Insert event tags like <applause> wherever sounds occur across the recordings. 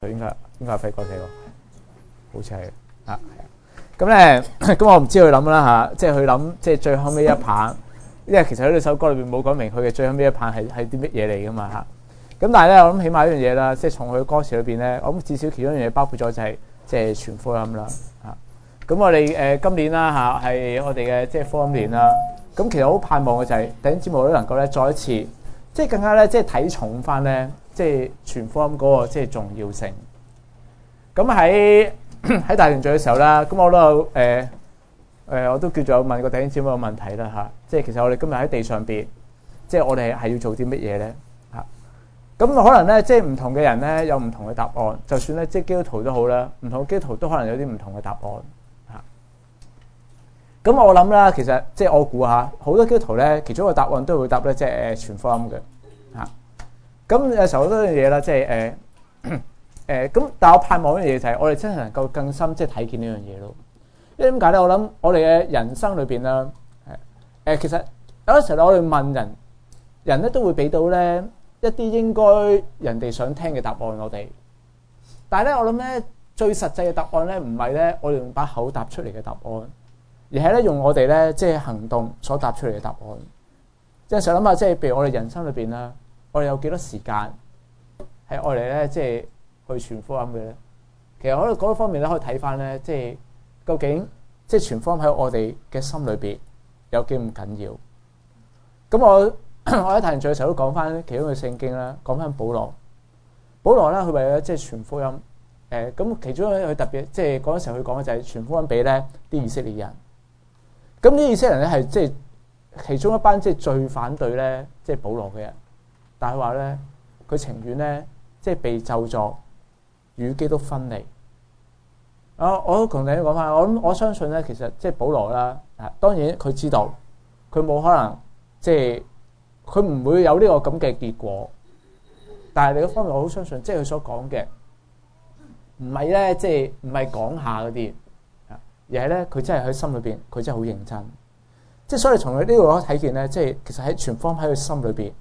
佢應該應該係飛哥寫，好似係咁咧，咁、嗯嗯嗯嗯、我唔知佢諗啦吓，即係佢諗，即、就、係、是就是、最後尾一棒， <laughs> 因為其實喺呢首歌裏邊冇講明佢嘅最後尾一棒係係啲乜嘢嚟噶嘛吓。咁、啊、但係咧，我諗起碼呢樣嘢啦，即係從佢嘅歌詞裏邊咧，我諗至少其中一樣嘢包括咗就係即係全科音啦吓。咁、啊嗯、我哋誒、呃、今年啦吓係我哋嘅即係科音年啦。咁其實好盼望嘅就係、是、第一節目都能夠咧再一次即係、就是、更加咧即係睇重翻咧。即係傳福音嗰個即係重要性。咁喺喺大團聚嘅時候啦，咁我都有誒、呃、我都叫做問個頂尖師傅個問題啦嚇、啊。即係其實我哋今日喺地上邊，即係我哋係要做啲乜嘢咧嚇？咁、啊、可能咧，即係唔同嘅人咧有唔同嘅答案。就算咧即係基督徒都好啦，唔同基督徒都可能有啲唔同嘅答案嚇。咁、啊、我諗啦，其實即係我估下，好多基督徒咧，其中一個嘅答案都會答咧，即係誒傳福音嘅。咁有時候好多樣嘢啦，即係誒誒，咁，但係我盼望一樣嘢就係我哋真係能夠更深即係睇見呢樣嘢咯。因為點解咧？我諗我哋嘅人生裏邊啦，誒其實有時候我哋問人，人咧都會俾到咧一啲應該人哋想聽嘅答案我哋，但係咧我諗咧最實際嘅答案咧唔係咧我哋用把口答出嚟嘅答案，而係咧用我哋咧即係行動所答出嚟嘅答案。即係想諗下即係譬如我哋人生裏邊啦。我哋有幾多時間係我哋咧，即係去傳福音嘅咧？其實，我覺得嗰一方面咧，可以睇翻咧，即係究竟即係傳福音喺我哋嘅心裏邊有幾咁緊要？咁我我喺談完最嘅時候都講翻其中嘅聖經啦，講翻保羅。保羅啦，佢為咗即係傳福音，誒咁其中咧，佢特別即係嗰陣時佢講嘅就係傳福音俾咧啲以色列人。咁啲以色列人咧係即係其中一班即係最反對咧，即係保羅嘅人。但係佢話咧，佢情願咧，即係被咒詛與基督分離啊！我同你講翻，我諗我相信咧，其實即係保羅啦啊。當然佢知道佢冇可能即係佢唔會有呢個咁嘅結果。但係另一方面，我好相信即係佢所講嘅唔係咧，即係唔係講下嗰啲，而係咧佢真係喺心裏邊，佢真係好認真。即係所以從佢呢度睇見咧，即係其實喺全方喺佢心裏邊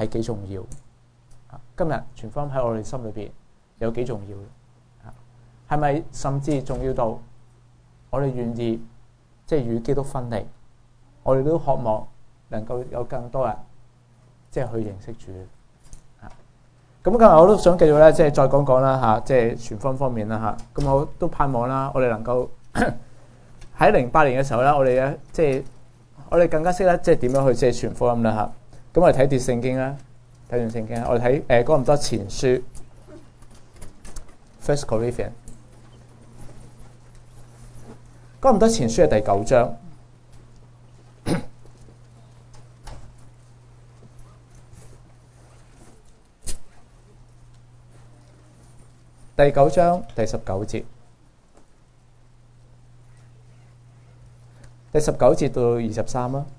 係幾重要？今日全福音喺我哋心裏邊有幾重要？係咪甚至重要到我哋願意即係與基督分離？我哋都渴望能夠有更多人即係去認識主。咁今日我都想繼續咧，即係再講講啦吓，即係全福音方面啦吓。咁我都盼望啦，我哋能夠喺零八年嘅時候咧，就是、我哋咧即係我哋更加識得即係點樣去即係傳福音啦吓。咁我哋睇啲聖經啦，睇完聖經，我哋睇誒，哥林多前書，First Corinthians，哥林多前書嘅第九章，第九章第十九節，第十九節到二十三啦，啊。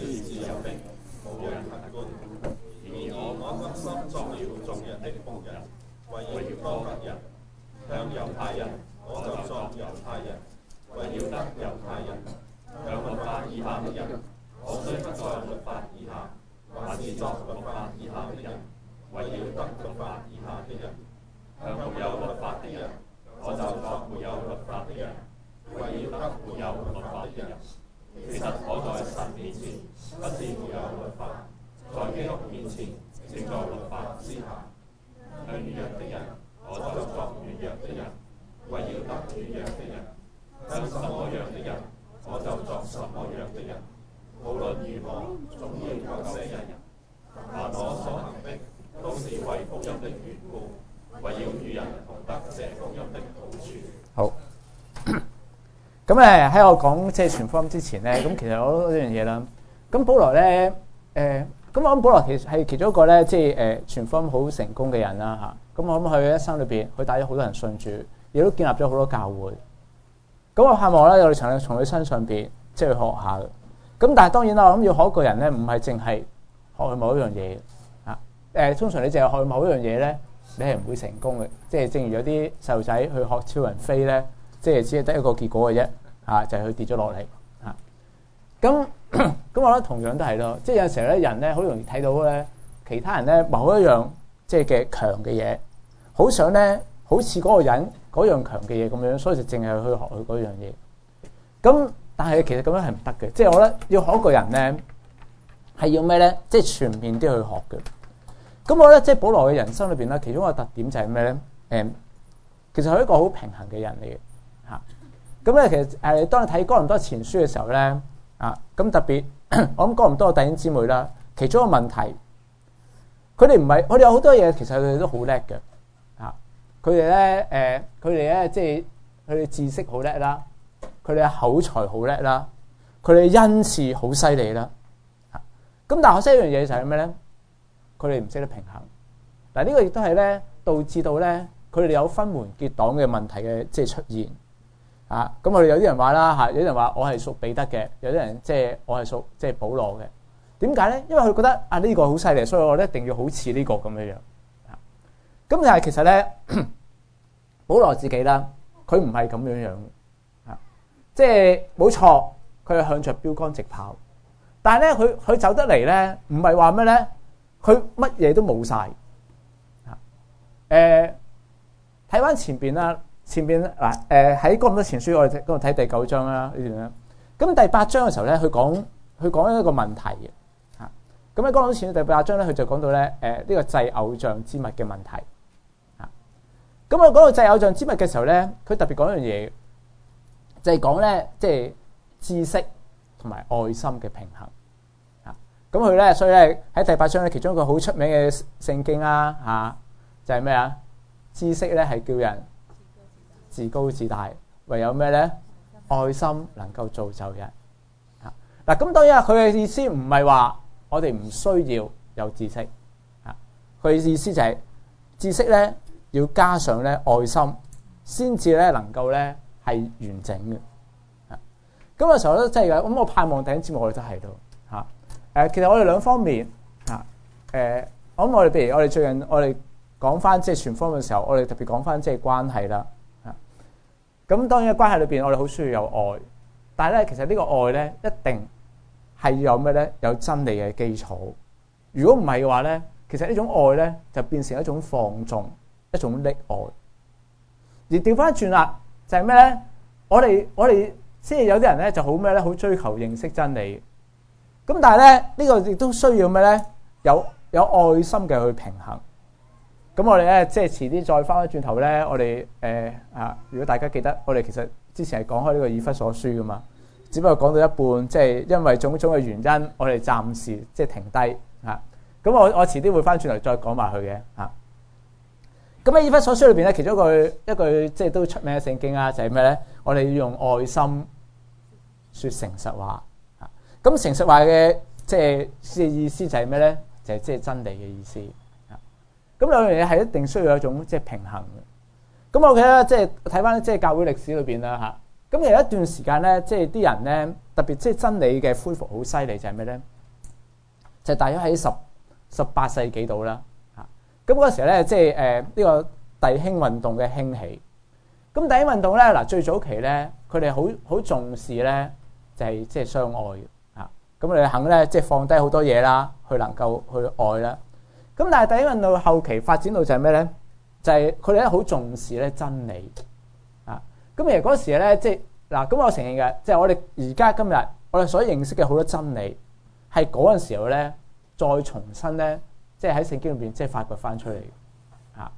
我總要救些人，但我所行的都是為福音的緣故，為要與人同得這福音的好處。好，咁誒喺我講，即係傳福音之前咧，咁其實我一樣嘢啦。咁保羅咧，誒、呃，咁我諗保羅其實係其中一個咧，即係誒，傳福音好成功嘅人啦，吓。咁我諗佢一生裏邊，佢帶咗好多人信主，亦都建立咗好多教會。咁我盼望咧，我哋盡量從佢身上邊即係學下。咁但係當然啦，我諗要學一個人咧，唔係淨係學佢某一樣嘢啊。誒，通常你淨係學佢某一樣嘢咧，你係唔會成功嘅。即係正如有啲細路仔去學超人飛咧，即係只係得一個結果嘅啫。啊，就係、是、佢跌咗落嚟啊。咁咁， <coughs> 我覺得同樣都係咯。即係有時候咧，人咧，好容易睇到咧，其他人咧某一樣即係嘅強嘅嘢，好想咧，好似嗰個人嗰樣強嘅嘢咁樣，所以就淨係去學佢嗰樣嘢。咁但係其實咁樣係唔得嘅，即係我覺得要學一個人咧係要咩咧？即係全面啲去學嘅。咁我覺得，即係保羅嘅人生裏邊咧，其中一個特點就係咩咧？誒、嗯，其實係一個好平衡嘅人嚟嘅吓。咁、啊、咧、嗯、其實誒，當你睇哥林多前書嘅時候咧啊，咁特別我諗哥林多嘅弟兄姊妹啦，其中一個問題，佢哋唔係，佢哋有好多嘢，其實佢哋都好叻嘅吓。佢哋咧誒，佢哋咧即係佢哋知識好叻啦。佢哋口才好叻啦，佢哋恩賜好犀利啦，吓咁但係我識一樣嘢，就係咩咧？佢哋唔識得平衡，嗱，呢個亦都係咧導致到咧佢哋有分門結黨嘅問題嘅即係出現，啊咁我哋有啲人話啦，吓，有啲人話我係屬彼得嘅，有啲人即係我係屬即係保羅嘅，點解咧？因為佢覺得啊呢個好犀利，所以我一定要好似呢個咁樣樣，吓咁但係其實咧保羅自己啦，佢唔係咁樣樣。即係冇錯，佢係向着標杆直跑。但係咧，佢佢走得嚟咧，唔係話咩咧？佢乜嘢都冇晒。誒、呃，睇翻前邊啦，前邊嗱，誒、呃、喺《哥林多前書》，我哋嗰度睇第九章啦呢段啦。咁第八章嘅時候咧，佢講佢講一個問題。吓、啊，咁喺講到前面第八章咧，佢就講到咧，誒、呃、呢、呢個製偶像之物嘅問題。咁我講到制偶像之物嘅時候咧，佢特別講一樣嘢。就係講呢，即係，知識係完整嘅吓，咁嘅時候咧、真係，即係咁我盼望頂節目，我哋真喺度。吓。誒，其實我哋兩方面吓，誒，我諗我哋，譬如我哋最近我哋講翻即係全方位嘅時候，我哋特別講翻即係關係啦吓。咁當然，關係裏邊我哋好需要有愛，但係咧，其實呢個愛咧一定係有咩咧？有真理嘅基礎。如果唔係嘅話咧，其實呢種愛咧就變成一種放縱，一種溺愛。而調翻轉啦。就係咩咧？我哋我哋先至有啲人咧，就好咩咧？好追求認識真理。咁但係咧，呢個亦都需要咩咧？有有愛心嘅去平衡。咁我哋咧，即係遲啲再翻翻轉頭咧，我哋、呃、啊！如果大家記得，我哋其實之前係講開呢個以弗所書噶嘛，只不過講到一半，即係因為種種嘅原因，我哋暫時即係停低啊。咁我我遲啲會翻轉頭再講埋佢嘅。咁喺《以弗所書》裏邊咧，其中一句一句即係都出名嘅聖經啊，就係咩咧？我哋要用愛心說誠實話。咁誠實話嘅即係嘅意思就係咩咧？就係即係真理嘅意思。咁兩樣嘢係一定需要一種即係平衡。咁我睇咧，即係睇翻即係教會歷史裏面啦。咁有一段時間咧，即係啲人咧，特別即係、就是、真理嘅恢復好犀利，就係咩咧？就係大約喺十十八世紀度啦。咁嗰時咧，即係誒呢個弟兄運動嘅興起。咁弟兄運動咧，嗱最早期咧，佢哋好好重視咧，就係即係相愛啊。咁你肯咧，即係放低好多嘢啦，去能夠去愛啦。咁但係弟兄運動後期發展到就係咩咧？就係佢哋咧好重視咧真理啊。咁其實嗰時咧，即係嗱，咁我承認嘅，即係我哋而家今日我哋所認識嘅好多真理，係嗰陣時候咧再重新咧。即係喺聖經裏邊，即係發掘翻出嚟嘅，啊，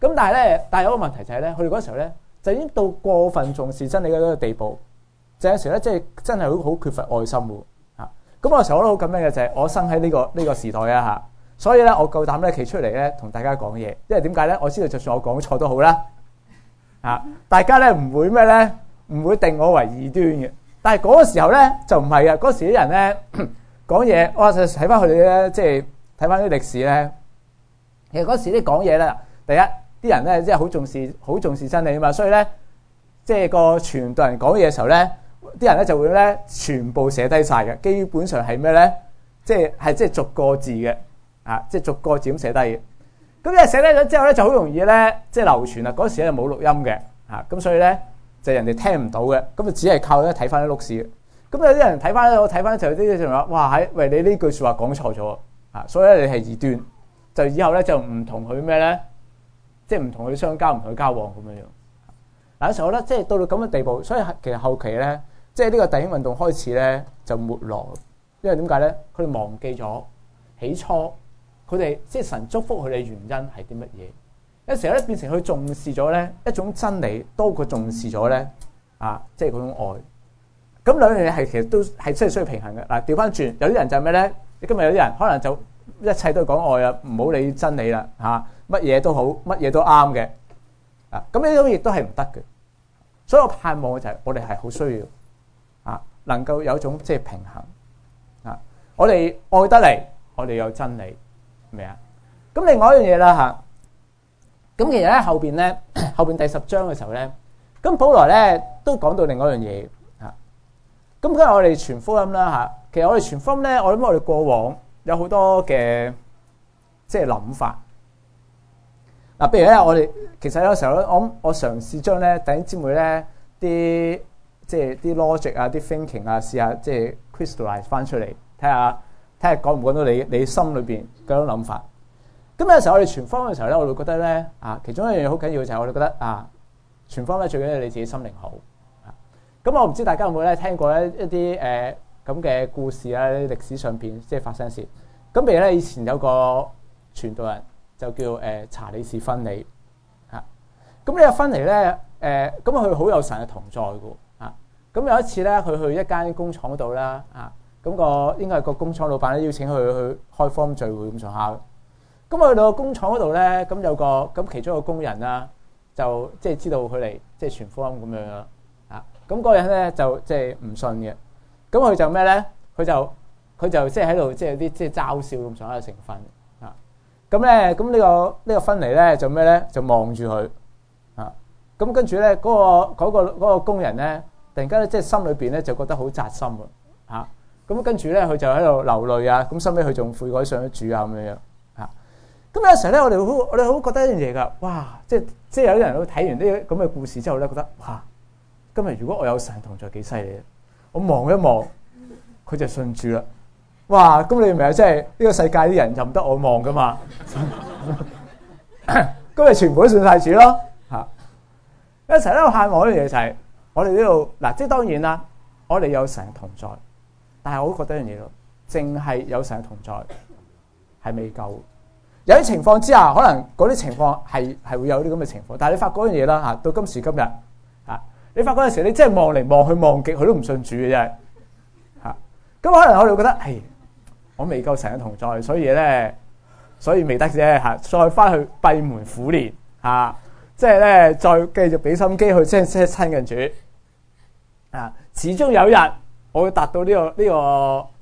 咁但係咧，但係有個問題就係咧，佢哋嗰時候咧，就已經到過分重視真理嗰個地步，就有時咧，即係真係好好缺乏愛心喎。咁我個時候我都好感恩嘅，就係我生喺呢個呢個時代啊，吓，所以咧，我夠膽咧企出嚟咧，同大家講嘢，因為點解咧，我知道就算我講錯都好啦，啊，大家咧唔會咩咧，唔會定我為異端嘅，但係嗰個時候咧就唔係啊，嗰時啲人咧講嘢，我就睇翻佢哋咧即係。睇翻啲歷史咧，其實嗰時啲講嘢咧，第一啲人咧即係好重視好重視真理啊嘛，所以咧即係個全部人講嘢嘅時候咧，啲人咧就會咧全部寫低晒嘅。基本上係咩咧？即係係即係逐個字嘅啊，即、就、係、是、逐個字咁寫低嘅。咁、嗯、你寫低咗之後咧，就好容易咧即係流傳啦。嗰時咧冇錄音嘅咁、啊、所以咧就是、人哋聽唔到嘅。咁就只係靠咧睇翻啲錄事嘅。咁、嗯、有啲人睇翻我睇翻嘅啲啲話：哇，喺喂你呢句話說話講錯咗。所以咧，你係異端，就以後咧就唔同佢咩咧，即係唔同佢相交，唔同佢交往咁樣樣。嗱、啊、有時候咧，即係到到咁嘅地步，所以其實後期咧，即係呢個弟兄運動開始咧就沒落，因為點解咧？佢哋忘記咗起初佢哋即係神祝福佢哋嘅原因係啲乜嘢？有時候咧變成佢重視咗咧一種真理，多過重視咗咧啊，即係嗰種愛。咁兩樣嘢係其實都係真係需要平衡嘅。嗱、啊，調翻轉，有啲人就咩咧？你今日有啲人可能就一切都講愛啊，唔好理真理啦嚇，乜嘢都好，乜嘢都啱嘅啊！咁呢種亦都係唔得嘅。所以我盼望嘅就係我哋係好需要啊，能夠有種即係平衡啊。我哋愛得嚟，我哋有真理，明唔明啊？咁另外一樣嘢啦嚇，咁其實咧後邊咧後邊第十章嘅時候咧，咁保羅咧都講到另外一樣嘢。咁今日我哋傳福音啦吓，其實我哋傳福音咧，我諗我哋過往有好多嘅即係諗法。嗱，譬如咧，我哋其實有時候咧，我諗我嘗試將咧，弟兄姊妹咧啲即係啲 logic 啊、啲 thinking 啊，試下即係 crystallize 翻出嚟，睇下睇下講唔講到你你心裏邊嗰種諗法。咁有時候我哋傳福音嘅時候咧，我會覺得咧啊，其中一樣嘢好緊要就係我哋覺得啊，傳福音咧最緊要你自己心靈好。咁、嗯、我唔知大家有冇咧聽過咧一啲誒咁嘅故事咧，歷史上邊即係發生事。咁譬如咧，以前有個傳道人就叫誒、呃、查理士芬尼嚇。咁、啊、呢個芬尼咧誒，咁佢好有神嘅同在嘅喎。咁有一次咧，佢去一間工廠嗰度啦啊，咁、那個應該係個工廠老闆咧邀請佢去，去開福音聚會咁上下。咁去到工廠嗰度咧，咁有個咁其中一個工人啦，就即係知道佢嚟即係傳福音咁樣啦。咁嗰個人咧就即係唔信嘅，咁佢就咩咧？佢就佢就即係喺度即係啲即係嘲笑咁上下成分啊！咁咧，咁呢個呢個分離咧就咩咧？就望住佢啊！咁跟住咧嗰個嗰個嗰個工人咧，突然間咧即係心裏面咧就覺得好扎心啊！咁跟住咧佢就喺度流淚啊！咁心尾，佢仲悔改上主啊咁樣樣啊！咁有時候咧我哋好我哋好覺得一樣嘢㗎，哇！即係即係有啲人都睇完呢啲咁嘅故事之後咧，覺得哇！今日如果我有神同在，幾犀利我望一望，佢就信主啦。哇！咁你明 <laughs> <coughs> 啊，啊？即係呢個世界啲人就唔得我望噶嘛？今日全部都信曬主咯，嚇！一齊喺度盼望一樣嘢就係我哋呢度嗱，即係當然啦，我哋有神同在，但係我都覺得一樣嘢咯，淨係有神同在係未夠。有啲情況之下，可能嗰啲情況係係會有啲咁嘅情況，但係你發覺嗰樣嘢啦、啊、到今時今日。你發嗰陣時，你真係望嚟望去望極，佢都唔信主嘅啫。咁、啊、可能我哋覺得，唉、哎，我未夠成日同在，所以咧，所以未得啫、啊。再翻去閉門苦練，即係咧，再繼續俾心機去即係親近主。啊，始終有一日，我會達到呢、呢個呢、呢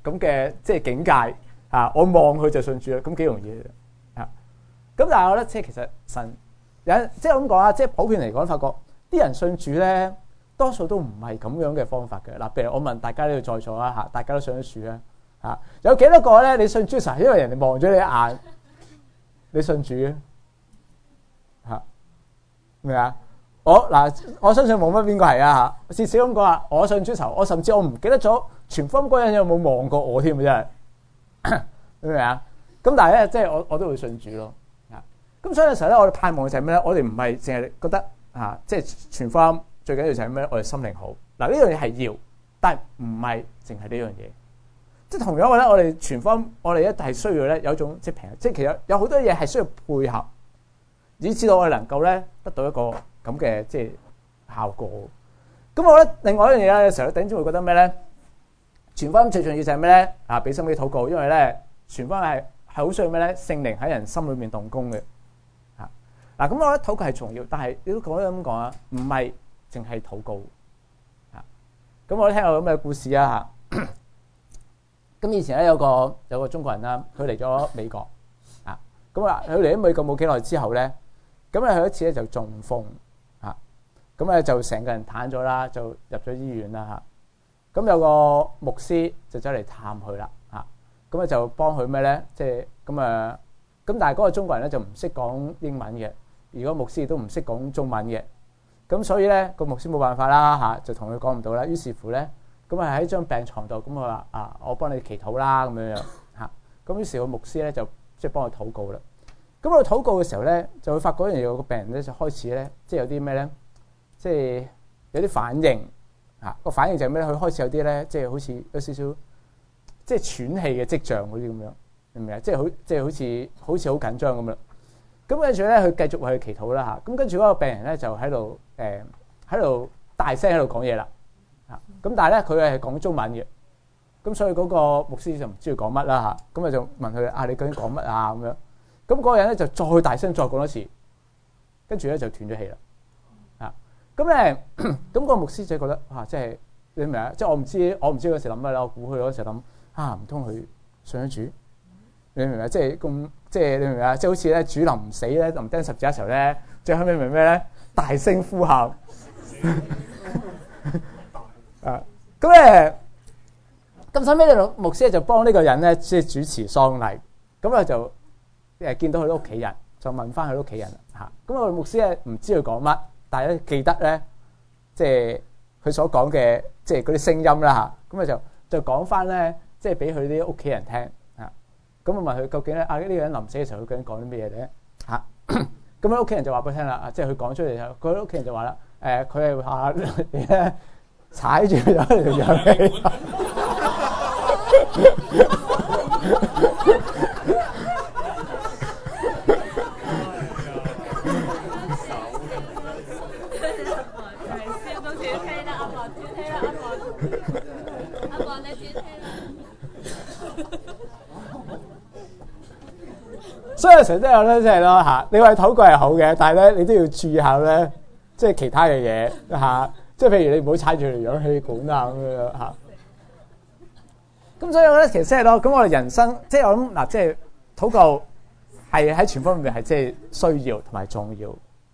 個咁嘅即係境界。啊，我望佢就信主啦，咁幾容易咁、啊、但係我覺得即係其實神有即係咁講啊，即、就、係、是就是、普遍嚟講，發覺啲人信主咧。多數都唔係咁樣嘅方法嘅嗱。譬如我問大家呢度在座啊，大家都上咗樹啊，有幾多個咧？你信豬仇因為人哋望咗你一眼，你信主啊吓咩啊？我嗱、啊，我相信冇乜邊個係啊嚇？至少咁講啊，我信豬仇，我甚至我唔記得咗全方嗰人有冇望過我添啊，真係明唔明啊？咁、啊、但係咧，即係我我都會信主咯咁、啊啊、所以有時候咧，我哋盼望就係咩咧？我哋唔係淨係覺得啊，即係全方。最緊要就係咩？我哋心靈好嗱，呢樣嘢係要，但係唔係淨係呢樣嘢，即係同樣嘅咧我哋全方我哋一定係需要咧有一種即係平即係其實有好多嘢係需要配合，以至到我哋能夠咧得到一個咁嘅即係效果。咁我覺得另外一樣嘢咧，有時候頂尖會覺得咩咧？全方最重要就係咩咧？啊，俾心機禱告，因為咧全方位係係好需要咩咧？聖靈喺人心裏面動工嘅嚇嗱。咁、啊、我覺得禱告係重要，但係你都講得咁講啊，唔係。淨係禱告，啊！咁我都聽下咁嘅故事啊！咁以前咧有個有個中國人啦，佢嚟咗美國，啊！咁啊佢嚟咗美國冇幾耐之後咧，咁啊佢一次咧就中風，啊！咁啊就成個人癱咗啦，就入咗醫院啦嚇。咁有個牧師就走嚟探佢啦，啊！咁啊就幫佢咩咧？即係咁啊！咁但係嗰個中國人咧就唔識講英文嘅，如果牧師都唔識講中文嘅。咁所以咧個牧師冇辦法啦嚇，就同佢講唔到啦。於是乎咧，咁啊喺張病床度，咁佢話啊，我幫你祈禱啦咁樣樣嚇。咁於是個牧師咧就即係幫佢禱告啦。咁佢禱告嘅時候咧，就會發覺有樣個病人咧就開始咧，即係有啲咩咧，即係有啲反應嚇。個反應就係咩咧？佢開始有啲咧，即係好似有少少即係喘氣嘅跡象嗰啲咁樣，明唔明啊？即係好即係好似好似好緊張咁樣。咁跟住咧，佢繼續去祈禱啦嚇。咁跟住嗰個病人咧，就喺度誒，喺度大聲喺度講嘢啦嚇。咁但係咧，佢係講中文嘅。咁所以嗰個牧師就唔知佢講乜啦嚇。咁咪就問佢：啊，你究竟講乜啊？咁樣。咁嗰個人咧就再大聲再講多次，跟住咧就斷咗氣啦嚇。咁咧，咁個牧師就覺得你明啊，即係你明啊？即係我唔知，我唔知嗰時諗乜啦。我估佢嗰時諗啊，唔通佢上咗主？你明唔明？即係咁。即係你明唔明啊？即係好似咧，主臨唔死咧，臨釘十字架時候咧，最後尾明咩咧？大聲呼喊 <laughs> <laughs> 啊！咁、嗯、咧，咁、嗯、後屘咧，牧師就幫呢個人咧，即係主持喪禮。咁、嗯、咧就誒見到佢屋企人，就問翻佢屋企人啦嚇，咁啊，牧師咧唔知佢講乜，但係咧記得咧，即係佢所講嘅，就是嗯嗯，即係嗰啲聲音啦嚇。咁啊就就講翻咧，即係俾佢啲屋企人聽。咁我問佢，究竟咧，啊呢個人臨死嘅時候，佢究竟講啲咩嘢咧嚇？咁樣屋企人就話俾佢聽啦，即係佢講出嚟，佢屋企人就話啦，誒佢係下咧踩住咗條嘢。 <laughs> <laughs> <laughs> 即係成日都係咧，即係咯吓。你話禱告係好嘅，但係咧，你都要注意下咧，即係其他嘅嘢吓。即係譬如你唔好踩住嚟氧氣管啊咁樣吓。咁所以我覺得其實即係咯，咁我哋人生即係我諗嗱，即係禱告係喺全方面係即係需要同埋重要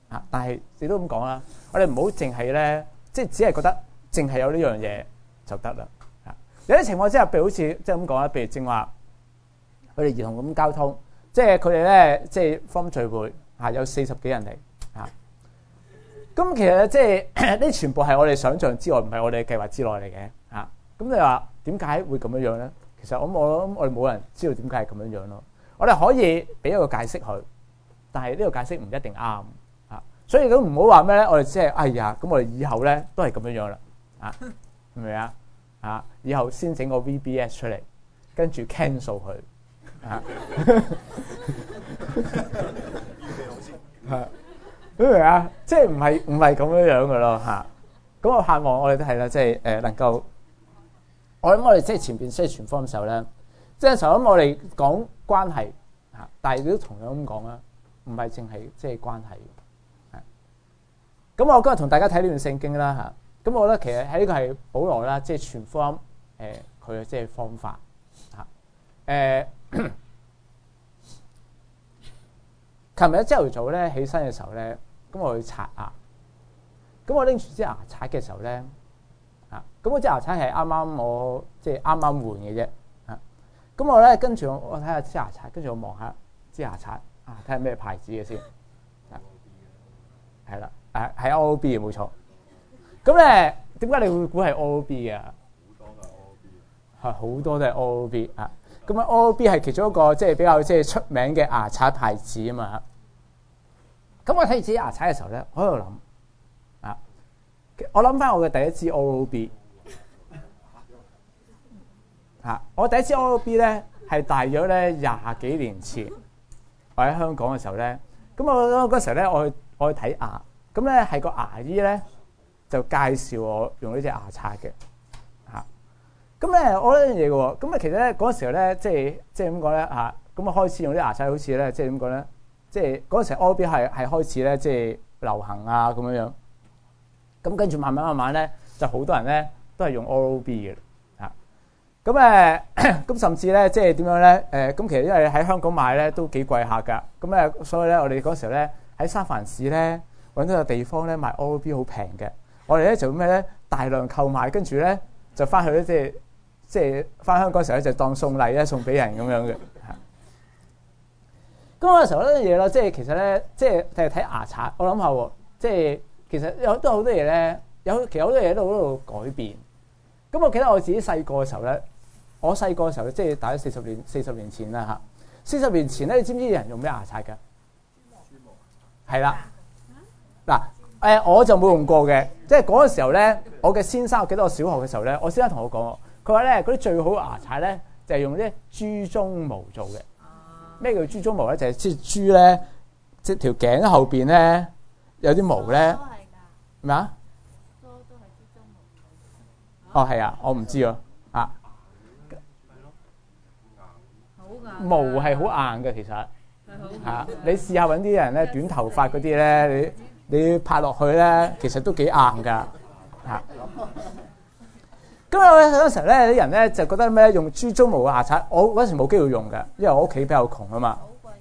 啊。但係你都咁講啦，我哋唔好淨係咧，即係只係覺得淨係有呢樣嘢就得啦啊。有啲情況之下，譬如好似即係咁講啦，譬如正話我哋兒童咁交通。即係佢哋咧，即係 fun 聚會、啊、有四十幾人嚟咁、啊、其實咧，即係呢全部係我哋想象之外，唔係我哋計劃之內嚟嘅，咁你話點解會咁樣樣咧？其實我想我想我哋冇人知道點解係咁樣樣咯。我哋可以俾一個解釋佢，但係呢個解釋唔一定啱啊。所以都唔好話咩咧。我哋即係哎呀，咁我哋以後咧都係咁樣樣啦。啊，明唔明啊？啊，以後先整個 VBS 出嚟，跟住 cancel 佢。 <laughs> 啊，係 <laughs> 咁啊， <laughs> 啊啊 <laughs> 即係唔係唔係咁樣樣噶咯吓。咁、啊、我盼望我哋都係啦，即係誒能夠我諗我哋即係前邊即係傳福音嘅時候咧，即係從我哋講關係吓，但係亦都同樣咁講啦，唔係淨係即係關係咁、啊、我今日同大家睇呢段聖經啦吓，咁、啊、我覺得其實喺呢個係保羅啦，即係傳福音誒佢嘅即係方法吓誒。啊呃琴日喺朝頭早咧起身嘅時候咧，咁我去刷牙，咁我拎住支牙刷嘅時候咧，啊，咁我支牙刷係啱啱我即係啱啱換嘅啫，啊、就是，咁我咧跟住我睇下支牙刷，跟住我望下支牙刷，啊，睇下咩牌子嘅先，啊， <laughs> 係啦，誒， <laughs> 係 O B 冇錯，咁誒，點解你會估係 O B 嘅？O B，係好多都係 O B 啊。咁樣，O L B 係其中一個即係、就是、比較即係出名嘅牙刷牌子啊嘛。咁我睇自己牙刷嘅時候咧，我喺度諗啊，我諗翻我嘅第一支 O L B 啊， <laughs> 我第一支 O L B 咧係大約咧廿幾年前我喺香港嘅時候咧，咁我嗰陣時咧我去我去睇牙，咁咧係個牙醫咧就介紹我用呢隻牙刷嘅。咁咧，我呢樣嘢嘅喎，咁啊，其實咧嗰陣時候咧，即係即係點講咧，咁啊開始用啲牙刷，好似咧即係點講咧，即係嗰陣時 R O B 係係開始咧，即係流行啊咁樣樣。咁跟住慢慢慢慢咧，就好多人咧都係用 O B 嘅咁誒，咁甚至咧，即係點樣咧？誒，咁其實因為喺香港買咧都幾貴客噶。咁咧，所以咧我哋嗰陣時候咧喺三藩市咧搵到個地方咧買 O B 好平嘅。我哋咧就咩咧大量購買，跟住咧就翻去咧即係。即係翻香港嘅時，時候咧，就當送禮咧送俾人咁樣嘅。咁嘅時候咧，嘢咧，即係其實咧，即係睇睇牙刷。我諗下喎，即係其實有都好多嘢咧，有其實好多嘢都喺度改變。咁我記得我自己細個嘅時候咧，我細個嘅時候即係大概四十年四十年前啦，嚇四十年前咧，你知唔知有人用咩牙刷噶？樹係啦。嗱，誒我就冇用過嘅，即係嗰個時候咧，我嘅先生有幾多？我，記得我小學嘅時候咧，我先生同我講。話咧，嗰啲最好牙刷咧，啊，就係用啲豬鬃毛做嘅。咩叫豬鬃毛咧？就係即係豬咧，即條頸後邊咧，有啲毛咧。咩啊？都都係豬鬃毛。哦，係啊，哦，我唔知啊。啊。好硬。毛係好硬嘅，其實吓，你試下搵啲人咧，短頭髮嗰啲咧，你你拍落去咧，其實都幾硬噶。啊 <laughs> 咁咧，嗰陣時咧，啲人咧就覺得咩用豬鬃毛牙刷，我嗰時冇機會用嘅，因為我屋企比較窮啊嘛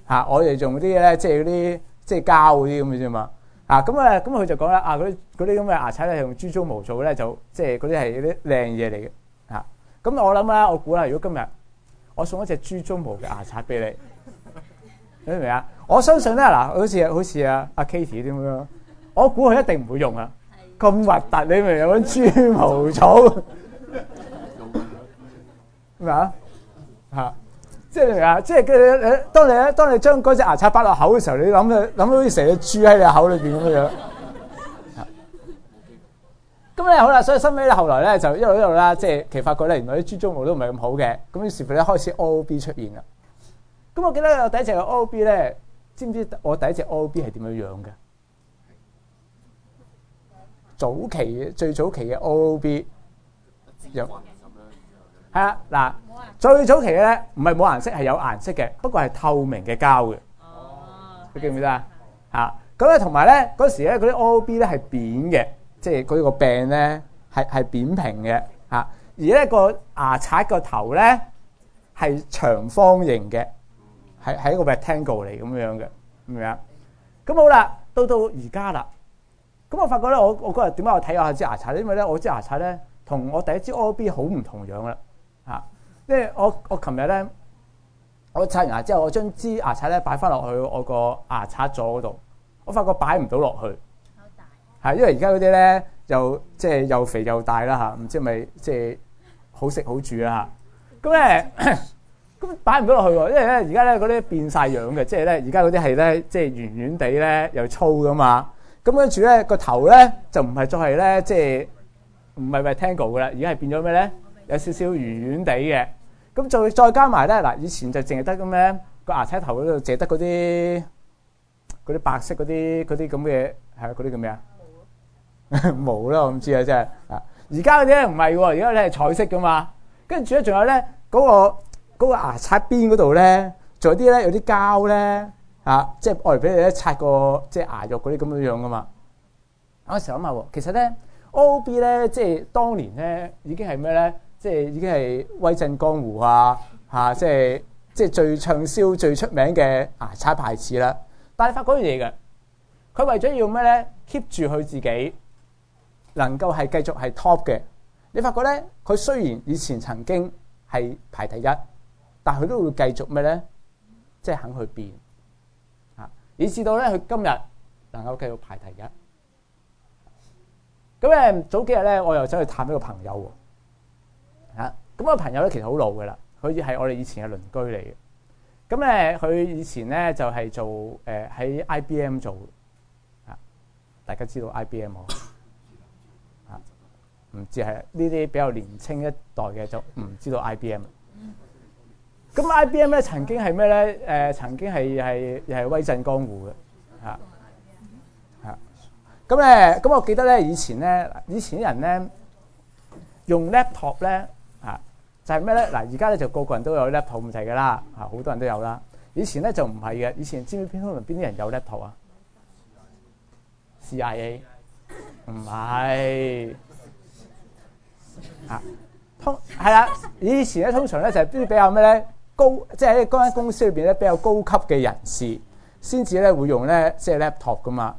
嚇，我哋用啲咧即係嗰啲即係膠嗰啲咁嘅啫嘛啊，咁啊，咁佢就講啦啊，嗰啲啲咁嘅牙刷咧用豬鬃毛做咧就即係嗰啲係啲靚嘢嚟嘅嚇，咁我諗咧，我估啦，如果今日我送一隻豬鬃毛嘅牙刷俾你， <laughs> 你明唔明啊？我相信咧嗱，好似好似啊阿 Kitty 咁樣，我估佢一定唔會用啊，咁核突，你咪有豬毛草。 <laughs> 咩 <laughs> 啊？吓，即係啊？即係當你當你將嗰隻牙刷翻落口嘅時候，你諗諗到好似成隻豬喺你口裏邊咁嘅樣。咁、啊、咧、啊啊、好啦，所以後尾咧後來咧就一路一路啦，即係其發覺咧原來啲豬鬃毛都唔係咁好嘅，咁於是乎咧開始 O B 出現啦。咁我記得我第一隻 O B 咧，知唔知我第一隻 O B 係點樣樣嘅？早期最早期嘅 O B。係啊嗱，最早期嘅咧，唔係冇顏色，係有顏色嘅，不過係透明嘅膠嘅。哦，你記唔記得、哦、啊？咁咧同埋咧嗰時咧嗰啲 O B 咧係扁嘅，即係佢個病咧係扁平嘅、啊、而一個牙刷個頭咧係長方形嘅，係一個 rectangle 嚟咁樣嘅咁樣。咁好啦，到到而家啦，咁我發覺咧，我我嗰日點解我睇下支牙刷咧？因為咧我支牙刷咧，同我第一支 O B 好唔同樣啦，啊！因為我我琴日咧，我刷完牙之後，我將支牙刷咧擺翻落去我個牙刷座嗰度，我發覺擺唔到落去。係因為而家嗰啲咧又即係、就是、又肥又大啦嚇，唔知咪即係好食好住啊嚇。咁咧，咁擺唔到落去喎，因為咧而家咧嗰啲變晒樣嘅，即係咧而家嗰啲係咧即係圓圓地咧又粗噶嘛。咁跟住咧個頭咧就唔係再係咧即係。就是唔係唔係 Tango 嘅啦，而家係變咗咩咧？有少少圓圓地嘅，咁再再加埋咧嗱，以前就淨係得咁咧，個牙刷頭嗰度淨得嗰啲啲白色嗰啲啲咁嘅，係啊嗰啲叫咩啊？冇啦，我唔 <laughs> 知啊，即係啊，而家嗰啲唔係喎，而家咧係彩色噶嘛，跟住咧仲有咧嗰、嗰個嗰個牙刷邊嗰度咧，仲有啲咧有啲膠咧啊，即係愛嚟俾你咧刷個即係牙肉嗰啲咁嘅樣噶嘛。我成諗下喎，其實咧。O B 咧，即係當年咧已經係咩咧？即係已經係威震江湖啊！嚇、啊，即係即係最暢銷、最出名嘅啊！踩牌子啦，但係發嗰樣嘢嘅，佢為咗要咩咧？keep 住佢自己能夠係繼續係 top 嘅。你發覺咧，佢雖然以前曾經係排第一，但係佢都會繼續咩咧？即係肯去變嚇。以至到咧，佢今日能夠繼續排第一。咁咧早幾日咧，我又走去探一個朋友喎。嚇，咁個朋友咧，其實好老噶啦，佢係我哋以前嘅鄰居嚟嘅。咁咧佢以前咧就係做誒喺 IBM 做啊，大家知道 IBM 喎。啊，唔知係呢啲比較年青一代嘅就唔知道 IBM。咁 IBM 咧曾經係咩咧？誒曾經係係係威震江湖嘅嚇。咁、嗯、咧，咁、嗯、我記得咧，以前咧，以前啲人咧用 lap top 咧，啊，就係咩咧？嗱，而家咧就個個人都有 lap top 咁係噶啦，好多人都有啦。以前咧就唔係嘅，以前知唔知邊通邊啲人有 lap top 啊？CIA 唔係啊，通係啦。以前咧通常咧就係啲比較咩咧高，即係喺嗰間公司裏邊咧比較高級嘅人士先至咧會用咧即係 lap top 噶嘛。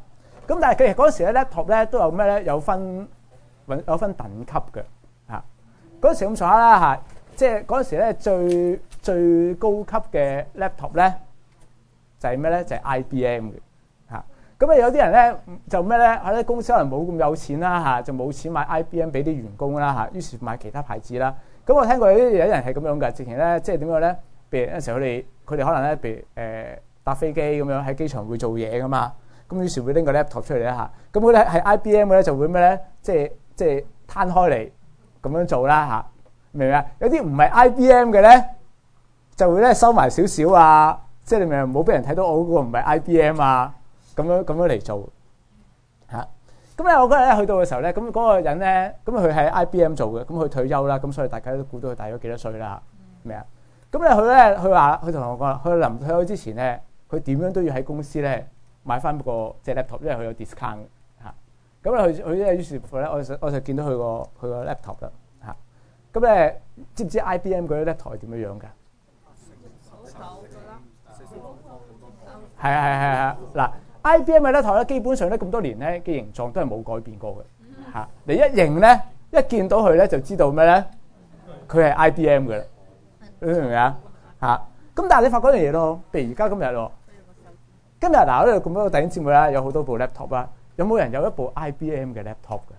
咁、嗯、但係佢哋嗰陣時 laptop 咧都有咩咧？有分有分等級嘅嚇。嗰、啊、陣時咁上下啦嚇，即係嗰陣時咧最最高級嘅 laptop 咧就係咩咧？就係、是、IBM 嘅嚇。咁啊有啲人咧就咩咧？喺、啊、啲公司可能冇咁有，有錢啦嚇、啊，就冇錢買 IBM 俾啲員工啦嚇、啊，於是買其他牌子啦。咁、啊啊、我聽過有啲有人係咁樣嘅，直情咧即係點樣咧？譬如有陣時佢哋佢哋可能咧，譬如誒、呃、搭飛機咁樣喺機場會做嘢噶嘛。咁於是會拎個 lap top 出嚟啦嚇。咁嗰咧係 I B M 咧就會咩咧？即係即係攤開嚟咁樣做啦嚇。明唔明啊？有啲唔係 I B M 嘅咧，就會咧收埋少少啊。即係你明唔明？冇俾人睇到我嗰個唔係 I B M 啊。咁樣咁樣嚟做嚇。咁咧，我嗰日咧去到嘅時候咧，咁嗰個人咧，咁佢喺 I B M 做嘅，咁佢退休啦。咁所以大家都估到佢大約幾多歲啦？咩啊？咁咧，佢咧佢話佢同我講啦，佢臨退休之前咧，佢點樣都要喺公司咧。買翻個即係 laptop，因為佢有 discount 嚇。咁咧，佢佢即係於是乎咧，我我就見到佢個佢個 laptop 啦嚇。咁咧，知唔知 IBM 嗰啲 laptop 點樣樣嘅？係啊係係係。嗱，IBM 嗰啲 laptop 咧，基本上咧咁多年咧嘅形狀都係冇改變過嘅嚇。你一認咧，一見到佢咧就知道咩咧？佢係 IBM 嘅啦，你明唔明啊？嚇！咁但係你發覺樣嘢咯，譬如而家今日咯。今日嗱，我哋咁多個節目啦，有好多部 laptop 啦，有冇人有一部 IBM 嘅 laptop 嘅？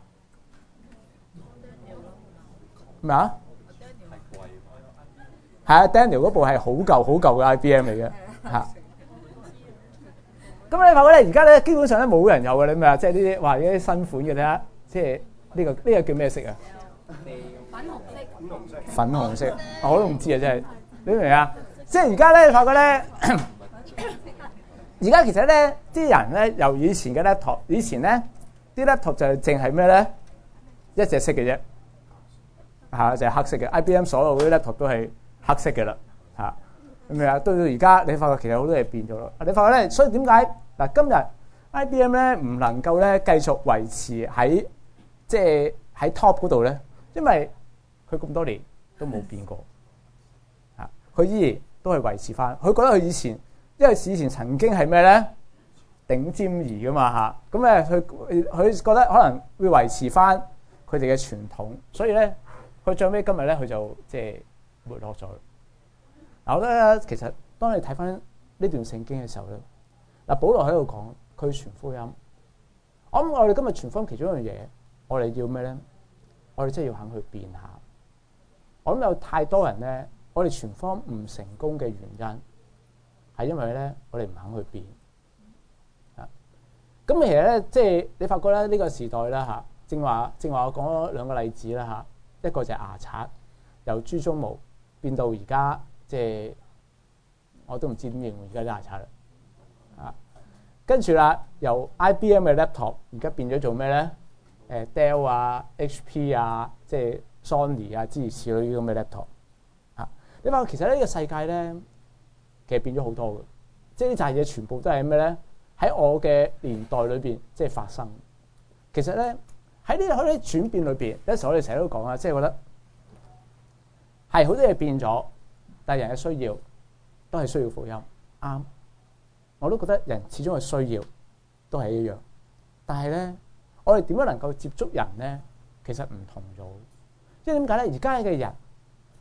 咩啊？Daniel 係貴，係啊，Daniel 嗰部係好舊好舊嘅 IBM 嚟嘅吓。咁你發覺咧，而家咧基本上咧冇人有嘅，你明唔明啊？即係呢啲，話，呢啲新款嘅，睇下，即係呢個呢個叫咩色啊？粉紅色，粉紅色，我都唔知啊！真係，你明唔明啊？即係而家咧，發覺咧。而家其實咧，啲人咧由以前嘅 laptop，以前咧啲 laptop 就係淨係咩咧，一隻色嘅啫，嚇就係黑色嘅。IBM 所有嗰啲 laptop 都係黑色嘅啦，嚇咁啊！到到而家你發覺其實好多嘢變咗咯。你發覺咧，所以點解嗱今日 IBM 咧唔能夠咧繼續維持喺即係喺 top 嗰度咧？因為佢咁多年都冇變過，嚇佢依然都係維持翻。佢覺得佢以前。因為以前曾經係咩咧，頂尖兒噶嘛吓，咁咧佢佢覺得可能會維持翻佢哋嘅傳統，所以咧佢最尾今日咧佢就即係沒落咗。嗱、啊，我覺得呢其實當你睇翻呢段聖經嘅時候咧，嗱保羅喺度講佢傳福音，我諗我哋今日傳福音其中一樣嘢，我哋要咩咧？我哋真係要肯去變下。我諗有太多人咧，我哋傳福音唔成功嘅原因。因為咧，我哋唔肯去變啊！咁其實咧，即係你發覺咧，呢個時代啦吓、啊，正話正話，我講咗兩個例子啦吓、啊，一個就係牙刷，由豬鬃毛變到而家，即係我都唔知點形容而家啲牙刷啦啊！跟住啦，由 IBM 嘅 laptop 而家變咗做咩咧？誒，Dell 啊、HP 啊、即係 Sony 啊之如此嗰啲咁嘅 laptop 啊！你發覺其實呢、呢個世界咧。嘅變咗好多嘅，即係呢扎嘢全部都係咩咧？喺我嘅年代裏邊，即係發生。其實咧喺呢啲轉變裏邊，有陣時我哋成日都講啊，即係覺得係好多嘢變咗，但係人嘅需要都係需要福音啱。我都覺得人始終嘅需要都係一樣，但係咧我哋點樣能夠接觸人咧？其實唔同咗，即係點解咧？而家嘅人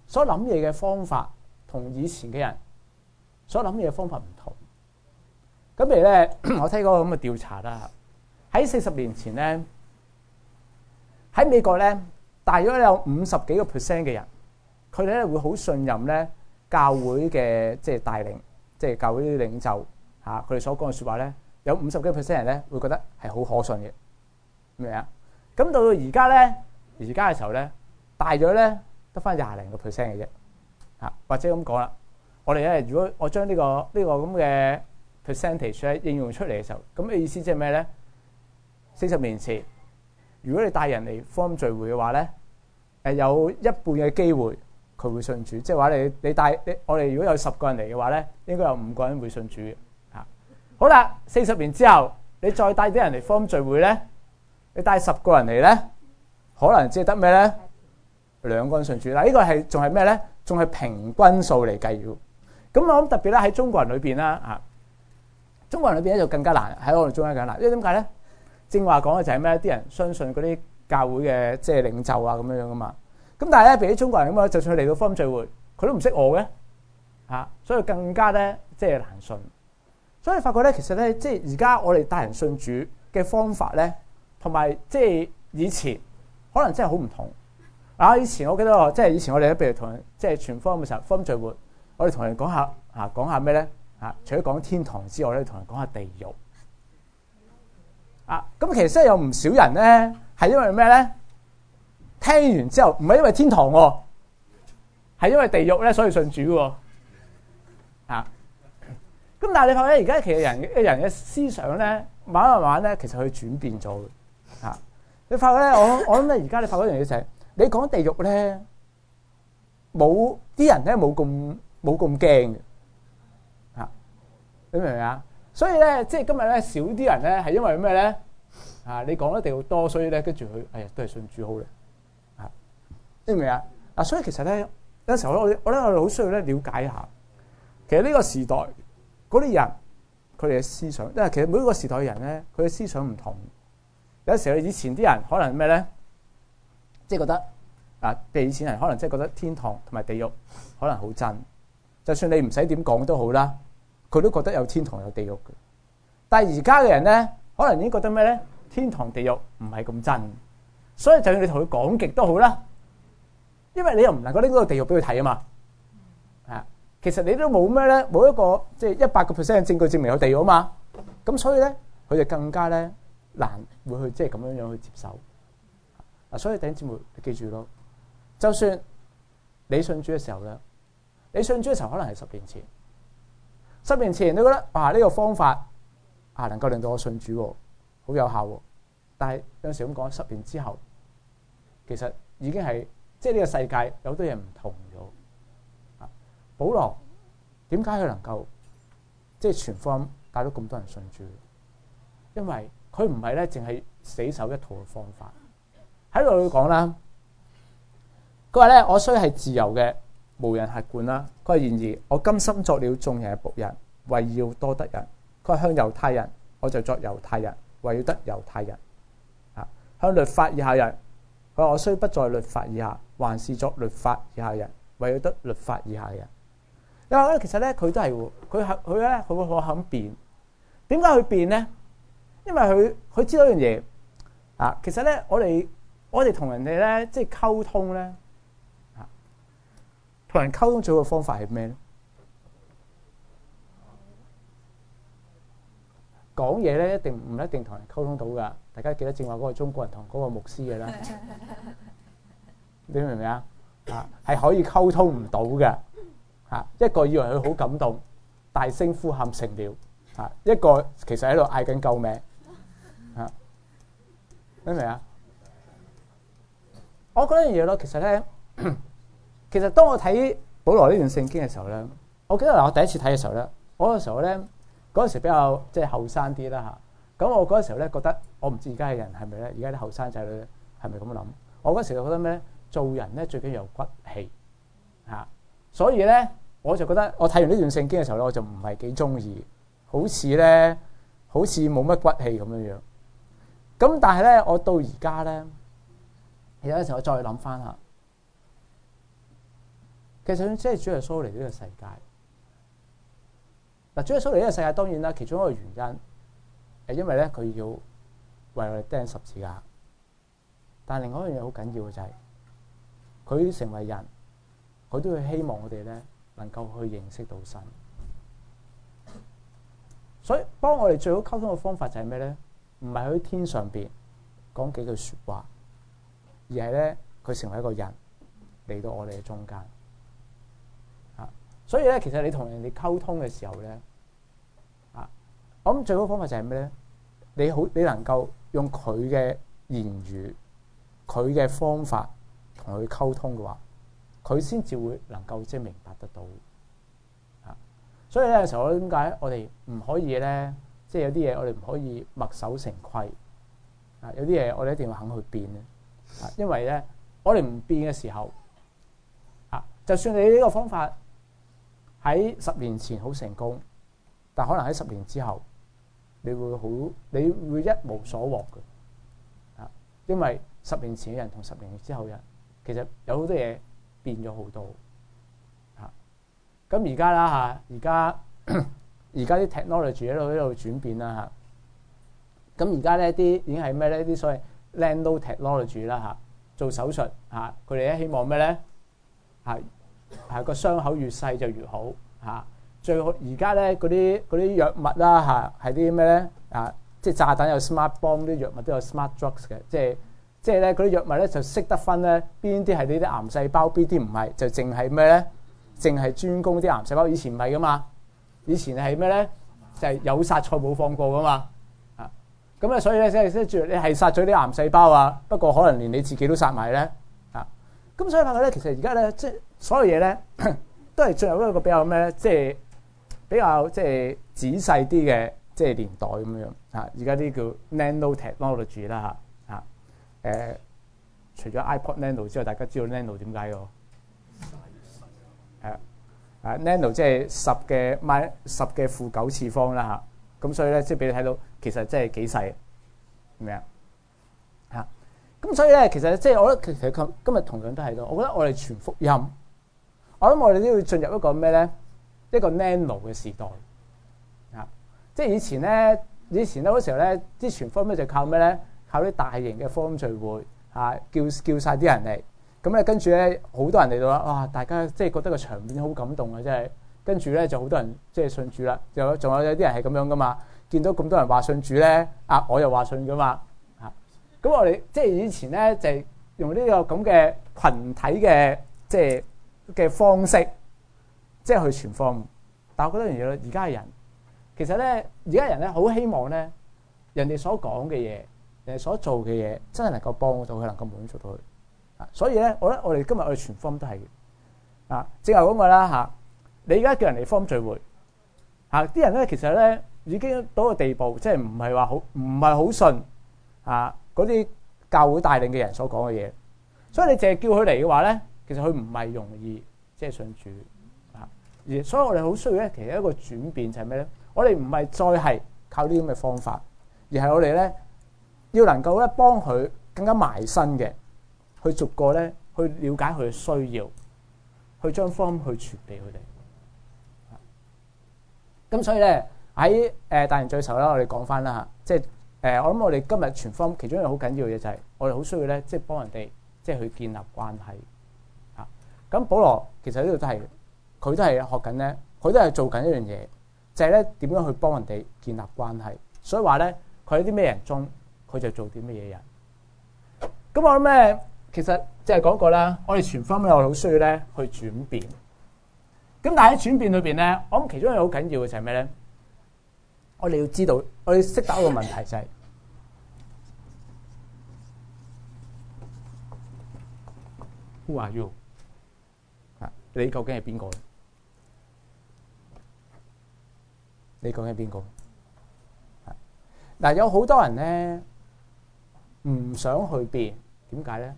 所諗嘢嘅方法同以前嘅人。所諗嘢嘅方法唔同，咁譬如咧，我睇過咁嘅調查啦，喺四十年前咧，喺美國咧，大約有五十幾個 percent 嘅人，佢哋咧會好信任咧教會嘅即係帶領，即係教會啲領袖嚇，佢哋所講嘅説話咧，有五十幾個 percent 人咧會覺得係好可信嘅，明唔明啊？咁到到而家咧，而家嘅時候咧，大約咧，得翻廿零個 percent 嘅啫，嚇，或者咁講啦。我哋咧，如果我將呢個呢個咁嘅 percentage 應用出嚟嘅時候，咁嘅意思即係咩咧？四十年前，如果你帶人嚟 form 聚會嘅話咧，誒，有一半嘅機會佢會信主，即係話你你帶我哋如果有十個人嚟嘅話咧，應該有五個人會信主吓，好啦，四十年之後，你再帶啲人嚟 form 聚會咧，你帶十個人嚟咧，可能即係得咩咧？兩個人信主嗱，呢個係仲係咩咧？仲係平均數嚟計嘅。咁我諗特別咧喺中國人裏邊啦，啊，中國人裏邊咧就更加難喺我哋中間更加難，因為點解咧？正話講嘅就係咩？啲人相信嗰啲教會嘅即係領袖啊，咁樣樣噶嘛。咁但係咧，比起中國人咁樣，就算嚟到福音聚會，佢都唔識我嘅，吓，所以更加咧即係難信。所以發覺咧，其實咧，即係而家我哋帶人信主嘅方法咧，同埋即係以前可能真係好唔同。啊，以前我記得我即係以前我哋咧，譬如同即係傳福音嘅時候，福音聚會。我哋同人講下啊，講下咩咧，啊？除咗講天堂之外咧，同人講下地獄啊。咁其實有唔少人咧，係因為咩咧？聽完之後，唔係因為天堂喎，啊，係因為地獄咧，所以信主喎，啊。咁，啊，但係你發覺咧，而家其實人嘅人嘅思想咧，慢慢慢慢咧，其實佢轉變咗，啊，你發覺咧，我我諗咧，而家你發覺一樣嘢就係，你講地獄咧，冇啲人咧冇咁。冇咁驚嘅，吓你明唔明啊？所以咧，即係今日咧，少啲人咧係因為咩咧？啊，你講得、啊、地好多，所以咧，跟住佢，哎呀，都係信主好嘅，你明唔明啊？所以其實咧，有陣時候我我呢我咧我好需要咧了解一下，其實呢個時代嗰啲人佢哋嘅思想，因為其實每一個時代嘅人咧，佢嘅思想唔同，有陣時咧，以前啲人可能咩咧？即係覺得啊，以前人可能即係覺得天堂同埋地獄可能好真。就算你唔使點講都好啦，佢都覺得有天堂有地獄嘅。但係而家嘅人咧，可能已經覺得咩咧？天堂地獄唔係咁真，所以就算你同佢講極都好啦，因為你又唔能夠拎到個地獄俾佢睇啊嘛。啊，其實你都冇咩咧，冇一個即係一百個 percent 嘅證據證明有地獄啊嘛。咁所以咧，佢就更加咧難會去即係咁樣樣去接受。嗱，所以弟兄姊妹，你記住咯，就算你信主嘅時候咧。你信主嘅時候可能係十年前，十年前你覺得啊呢、呢個方法啊能夠令到我信主，哦，好有效，哦，但係有陣時咁講，十年之後，其實已經係即係呢個世界有好多嘢唔同咗。啊，保羅點解佢能夠即係全方位帶到咁多人信主？因為佢唔係咧淨係死守一套方法。喺度講啦，佢話咧我雖係自由嘅。無人客觀啦。佢話，然而我甘心作了眾人嘅僕人，為要多得人。佢向猶太人，我就作猶太人，為要得猶太人。啊，向律法以下人，佢話我雖不在律法以下，還是作律法以下人，為要得律法以下人。你話咧，其實咧，佢都係，佢肯，佢咧，佢好肯變。點解佢變咧？因為佢佢知道一樣嘢啊。其實咧，我哋我哋同人哋咧，即係溝通咧。同人溝通最好嘅方法係咩咧？講嘢咧，一定唔一定同人溝通到噶大家記得正話嗰個中國人同嗰個牧師嘅啦，你明唔明啊？啊，係可以溝通唔到嘅。啊，一個以為佢好感動，大聲呼喊成了；啊，一個其實喺度嗌緊救命。啊，明唔明啊？我講一樣嘢咯，其實咧。其實當我睇保羅呢段聖經嘅時候咧，我記得嗱，我第一次睇嘅時候咧，我個時候咧，嗰陣時比較即係後生啲啦吓。咁我嗰個時候咧，覺得我唔知而家嘅人係咪咧？而家啲後生仔女咧，係咪咁諗？我嗰時就覺得咩？做人咧最緊要有骨氣吓，所以咧我就覺得我睇完呢段聖經嘅時候咧，我就唔係幾中意，好似咧好似冇乜骨氣咁樣樣。咁但係咧，我到而家咧，其實有時候我再諗翻吓。其實即係主要蘇黎呢個世界嗱，主要蘇黎呢個世界，當然啦，其中一個原因係因為咧佢要為我哋釘十字架。但係另外一樣嘢，好緊要嘅就係佢成為人，佢都會希望我哋咧能夠去認識到神。所以幫我哋最好溝通嘅方法就係咩咧？唔係喺天上邊講幾句說話，而係咧佢成為一個人嚟到我哋嘅中間。所以咧，其實你同人哋溝通嘅時候咧，啊，我諗最好方法就係咩咧？你好，你能夠用佢嘅言語、佢嘅方法同佢溝通嘅話，佢先至會能夠即係明白得到。啊，所以咧有時候咧點解我哋唔可以咧？即係有啲嘢我哋唔可以墨守成規。啊，有啲嘢我哋一定要肯去變咧。啊，因為咧我哋唔變嘅時候，啊，就算你呢個方法，喺十年前好成功，但可能喺十年之後，你會好，你會一無所獲嘅，啊！因為十年前嘅人同十年之後嘅人，其實有好多嘢變咗好多，啊！咁而家啦嚇，而家而家啲 technology 喺度喺度轉變啦嚇，咁而家呢啲已經係咩咧？啲所謂 nano technology 啦嚇，做手術嚇，佢哋咧希望咩咧？嚇！係個傷口越細就越好嚇、啊。最好而家咧嗰啲啲藥物啦嚇，係啲咩咧啊？即係炸彈有 smart bomb，啲藥物都有 smart drugs 嘅，即係即係咧嗰啲藥物咧就識得分咧，邊啲係你啲癌細胞，邊啲唔係就淨係咩咧？淨係專攻啲癌細胞。以前唔係噶嘛，以前係咩咧？就係、是、有殺錯冇放過噶嘛啊！咁啊，所以咧即係即係，就是、你係殺咗啲癌細胞啊，不過可能連你自己都殺埋咧啊！咁所以話佢咧，其實而家咧即係。所有嘢咧都係最後一個比較咩咧，即、就、係、是、比較即係、就是、仔細啲嘅即係年代咁樣嚇。而家啲叫 nanotechnology 啦、啊、吓，嚇、啊、誒，除咗 ipod nano 之外，大家知道 nano 點解㗎？誒誒、yeah, yeah, uh, nano 即係十嘅萬十嘅負九次方啦吓，咁、啊、所以咧即係俾你睇到其實即係幾細，咁唔明，咁所以咧其實即係我覺得其實今日同樣都喺度，我覺得我哋傳福音。我諗，我哋都要進入一個咩咧？一個 nano 嘅時代啊！即係以前咧，以前咧嗰時候咧，啲傳福音就靠咩咧？靠啲大型嘅福音聚會啊，叫叫曬啲人嚟咁咧，跟住咧好多人嚟到啦。哇、啊！大家即係覺得個場面好感動啊，真係跟住咧就好多人即係信主啦。還有仲有有啲人係咁樣噶嘛？見到咁多人話信主咧，啊，我又話信噶嘛啊！咁我哋即係以前咧就係、用呢個咁嘅群體嘅即係，就係嘅方式，即係去傳福音。但我覺得一樣嘢咧，而家嘅人其實咧，而家人咧好希望咧，人哋所講嘅嘢，人哋所做嘅嘢，真係能夠幫到佢，能夠滿足到佢。啊，所以咧，我咧，我哋今日去傳福音都係啊，正係咁嘅啦嚇。你而家叫人嚟福音聚會嚇，啲人咧其實咧已經到個地步，即係唔係話好，唔係好信啊嗰啲教會帶領嘅人所講嘅嘢。所以你淨係叫佢嚟嘅話咧。其實佢唔係容易即係信主啊，而所以我哋好需要咧，其實一個轉變就係咩咧？我哋唔係再係靠呢啲咁嘅方法，而係我哋咧要能夠咧幫佢更加埋身嘅，去逐個咧去了解佢嘅需要，去將福音去傳俾佢哋。咁所以咧喺，誒大年聚首啦，我哋講翻啦吓，即係誒我諗我哋今日傳福音，其中一個好緊要嘅嘢，就係我哋好需要咧，即係幫人哋即係去建立關係。咁保羅其實呢度都係佢都係學緊咧，佢都係做緊一樣嘢，就係咧點樣去幫人哋建立關係。所以話咧，佢喺啲咩人中，佢就做啲咩嘢人。咁我諗咧，其實即係講過啦，我哋傳福音我哋好需要咧去轉變。咁但係喺轉變裏邊咧，我諗其中一樣好緊要嘅就係咩咧？我哋要知道，我哋識答一個問題就係、是、Who are <coughs> you？你究竟係邊個？你究竟係邊個？嗱，有好多人咧唔想去變，點解咧？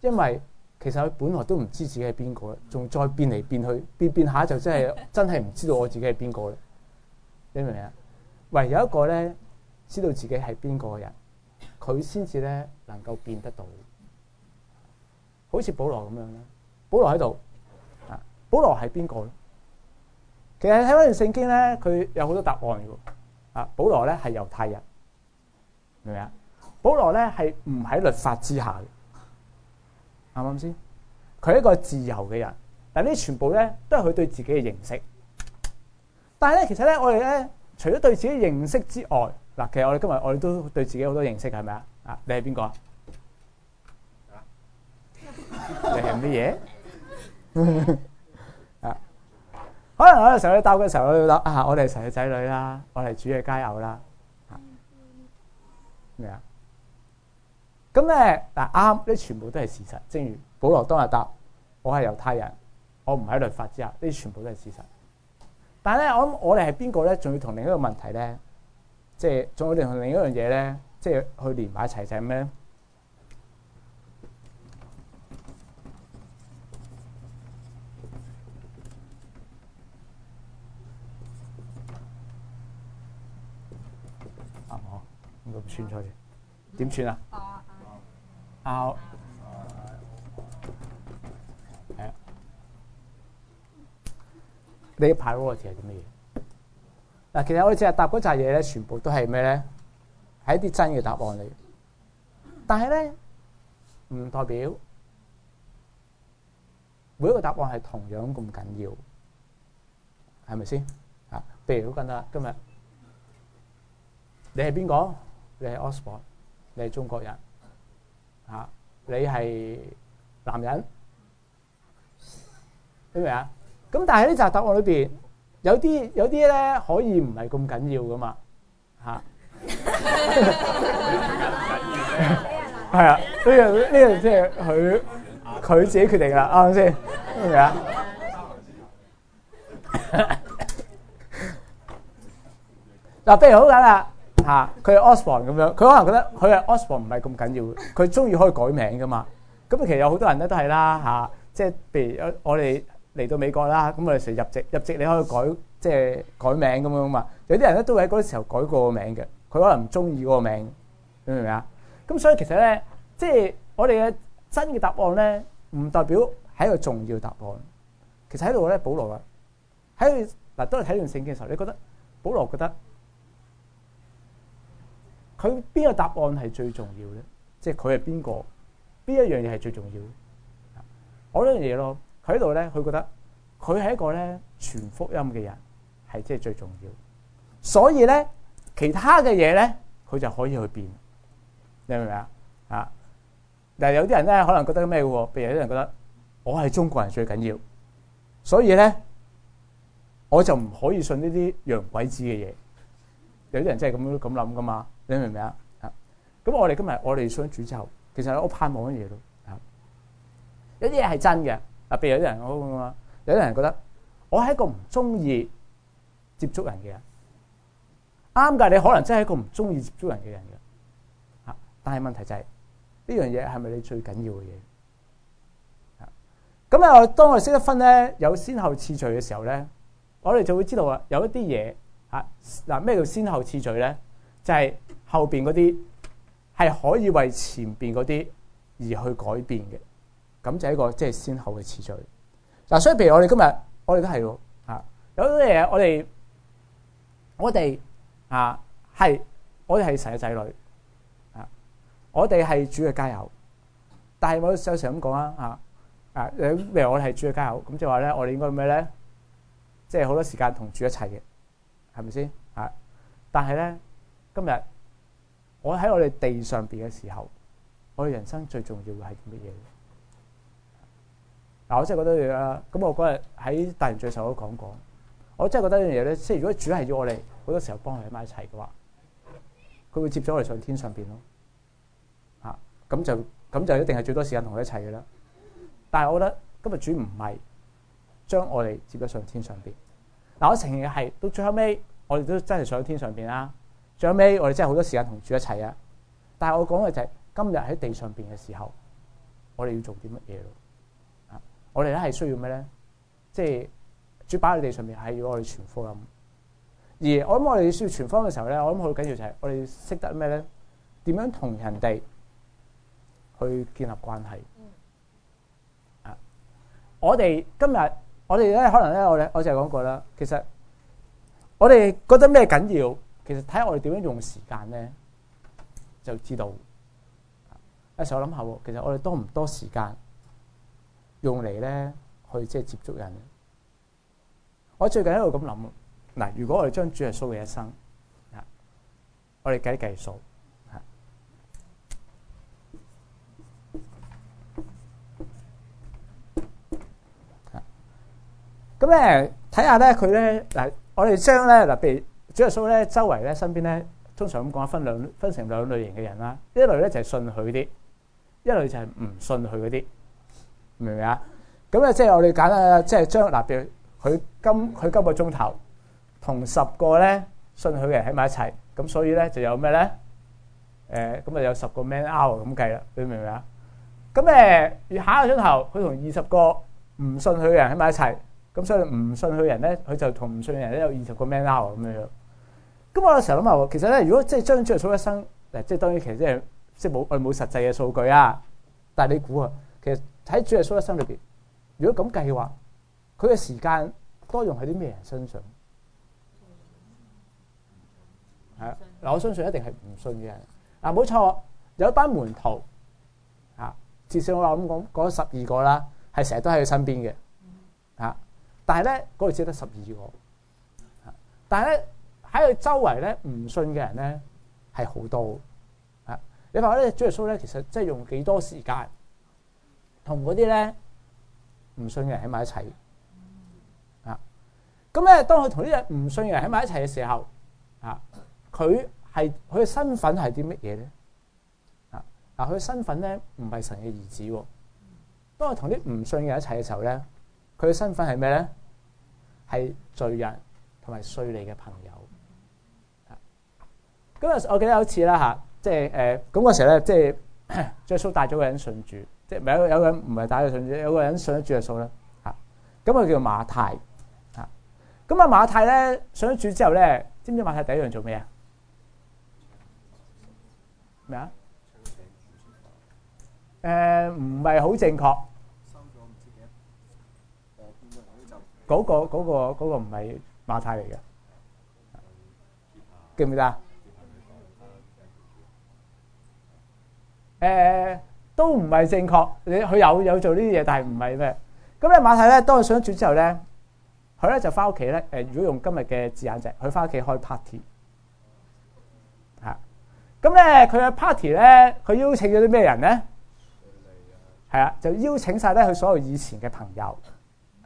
因為其實佢本來都唔知自己係邊個，仲再變嚟變去，變變下就真係真係唔知道我自己係邊個咧。你明唔明啊？唯有一個咧知道自己係邊個嘅人，佢先至咧能夠變得到。好似保羅咁樣啦，保羅喺度。保羅係邊個？其實睇嗰段聖經咧，佢有好多答案嘅。啊，保羅咧係猶太人，明唔明啊？保羅咧係唔喺律法之下嘅，啱唔啱先？佢係一個自由嘅人。嗱，呢全部咧都係佢對自己嘅認識。但係咧，其實咧，我哋咧除咗對自己認識之外，嗱，其實我哋今日我哋都對自己好多認識，係咪啊？啊，你係邊個？你係乜嘢？可能有啲時候去答嘅時候要答啊，我哋係神嘅仔女啦，我哋主嘅家有啦，吓咩啊？咁、嗯、咧，嗱、嗯、啱，呢全部都係事實。正如保羅當日答我係猶太人，我唔喺律法之下，呢全部都係事實。但係咧，我諗我哋係邊個咧？仲要同另一個問題咧，即係仲要同另一樣嘢咧，即係去連埋一齊就係咩咧？算錯嘢點算啊？out，係啊，啊，啊，啊，啊，啊。你嘅 priority 係啲咩嘢？嗱、啊，其實我哋淨係答嗰扎嘢咧，全部都係咩咧？係一啲真嘅答案嚟。但係咧，唔代表每一個答案係同樣咁緊要，係咪先？啊，譬如今日，今日你係邊個？你係 Osborne，你係中國人，嚇，你係男人，明唔明啊？咁但係呢集答案裏邊有啲有啲咧可以唔係咁緊要噶嘛，嚇，係啊，呢樣呢樣即係佢佢自己決定㗎啦，啱唔啱先？明唔明啊？嗱，譬如好啦！嚇，佢係 Osborne 咁樣，佢可能覺得佢係 Osborne 唔係咁緊要嘅，佢中意可以改名噶嘛？咁其實有好多人咧都係啦，嚇，即係譬如我我哋嚟到美國啦，咁我哋成日入籍入籍你可以改即係改名咁樣嘛？有啲人咧都會喺嗰啲時候改過名嘅，佢可能唔中意嗰個名，明唔明啊？咁所以其實咧，即係我哋嘅真嘅答案咧，唔代表係一個重要答案。其實喺度咧，保羅喺嗱當你睇完聖經嘅時候，你覺得保羅覺得。佢邊個答案係最重要咧？即係佢係邊個？邊一樣嘢係最重要？我呢樣嘢咯，佢喺度咧，佢覺得佢係一個咧傳福音嘅人，係即係最重要。所以咧，其他嘅嘢咧，佢就可以去變。你明唔明啊？啊！但係，有啲人咧可能覺得咩嘅喎？譬如有啲人覺得我係中國人最緊要，所以咧我就唔可以信呢啲洋鬼子嘅嘢。有啲人真係咁樣咁諗噶嘛？你明唔明啊？咁我哋今日我哋處主之後，其實我盼望啲嘢咯。有啲嘢係真嘅，嗱，譬如有啲人好咁話，有啲人覺得我係一個唔中意接觸人嘅人，啱噶，你可能真係一個唔中意接觸人嘅人嘅。但係問題就係呢樣嘢係咪你最緊要嘅嘢？咁啊，當我哋識得分咧，有先後次序嘅時候咧，我哋就會知道啊，有一啲嘢吓嗱，咩叫先後次序咧，就係、是。後邊嗰啲係可以為前邊嗰啲而去改變嘅，咁就係一個即係先後嘅次序。嗱、啊，所以譬如我哋今日我哋都係喎，啊，有好多嘢我哋、啊、我哋啊係我哋係神嘅仔女，啊，我哋係主嘅加油。但係我有時咁講啊，啊，譬如我哋係主嘅加油，咁就話咧，我哋應該咩咧？即係好多時間同住一齊嘅，係咪先？啊，但係咧今日。我喺我哋地上邊嘅時候，我哋人生最重要嘅係啲乜嘢？嗱，我真係覺得嘢啦。咁我嗰日喺大人聚首都講過，我真係覺得一樣嘢咧，即係如果主係要我哋好多時候幫佢喺埋一齊嘅話，佢會接咗我哋上天上邊咯。啊，咁就咁就一定係最多時間同佢一齊嘅啦。但係我覺得今日主唔係將我哋接咗上天上邊。嗱，我承認係到最後尾，我哋都真係上喺天上邊啦。最尾我哋真係好多時間同主一齊啊！但我講嘅就係今日喺地上面嘅時候，我哋要做啲乜嘢咯？啊！我哋咧係需要咩咧？即、就、係、是、主擺喺地上面，係要我哋傳福音咁。而我諗我哋需要傳福音嘅時候咧，我諗好緊要就係我哋識得咩咧？點樣同人哋去建立關係？啊、嗯！我哋今日我哋咧可能咧，我我就講過啦。其實我哋覺得咩緊要？其實睇下我哋點樣用時間咧，就知道。一時我諗下，其實我哋多唔多時間用嚟咧去即係接觸人？我最近喺度咁諗，嗱，如果我哋將主耶穌嘅一生，我哋計一計數，咁咧睇下咧佢咧嗱，我哋將咧嗱，譬如。即係所以咧，周圍咧，身邊咧，通常咁講，分兩分成兩類型嘅人啦。一類咧就係信佢啲，一類就係唔信佢嗰啲，明唔明啊？咁咧即係我哋揀啊，即係將立別，佢今佢今個鐘頭同十個咧信佢嘅人喺埋一齊，咁所以咧就有咩咧？誒咁啊有十個 man hour 咁計啦，你明唔明啊？咁誒下個鐘頭佢同二十個唔信佢嘅人喺埋一齊，咁所以唔信佢嘅人咧，佢就同唔信人咧有二十個 man hour 咁樣樣。咁我有時候諗下，其實咧，如果即係將主耶穌一生，誒、即係，即係當然，其實即係即係冇佢冇實際嘅數據啊。但係你估啊，其實喺主耶穌一生裏邊，如果咁計嘅話，佢嘅時間多用喺啲咩人身上？係、嗯、嗱、嗯嗯啊嗯，我相信一定係唔信嘅人。嗱，冇、啊、錯，有一班門徒啊，至少我諗講嗰十二個啦，係成日都喺佢身邊嘅嚇、啊。但係咧，嗰、那、度、個、只得十二個、啊、但係咧。喺佢周圍咧，唔信嘅人咧係好多啊。你話咧，主耶穌咧，其實即係用幾多時間同嗰啲咧唔信嘅人喺埋一齊啊。咁咧，當佢同呢啲唔信嘅人喺埋一齊嘅時候啊，佢係佢嘅身份係啲乜嘢咧啊？嗱，佢嘅身份咧唔係神嘅兒子。當佢同啲唔信嘅人一齊嘅時候咧，佢嘅身份係咩咧？係罪人同埋稅吏嘅朋友。咁啊！我記得有一次啦，嚇、就是，即係誒，咁嗰時咧，即係耶穌帶咗個人信主，即、就、係、是、有有個人唔係帶佢信主，有個人信咗主耶穌啦，嚇。咁佢叫馬太，嚇。咁啊馬太咧信咗主之後咧，知唔知馬太第一樣做咩啊？咩啊？誒、呃，唔係好正確。嗰、那個嗰、那個嗰、那個唔係馬太嚟嘅，記唔記得？誒、呃、都唔係正確，你佢有有做呢啲嘢，但係唔係咩咁咧？馬太咧當佢上咗轉之後咧，佢咧就翻屋企咧。誒，如果用今日嘅字眼就係佢翻屋企開 party 嚇。咁咧佢嘅 party 咧，佢邀請咗啲咩人咧？係啦，就邀請晒咧佢所有以前嘅朋友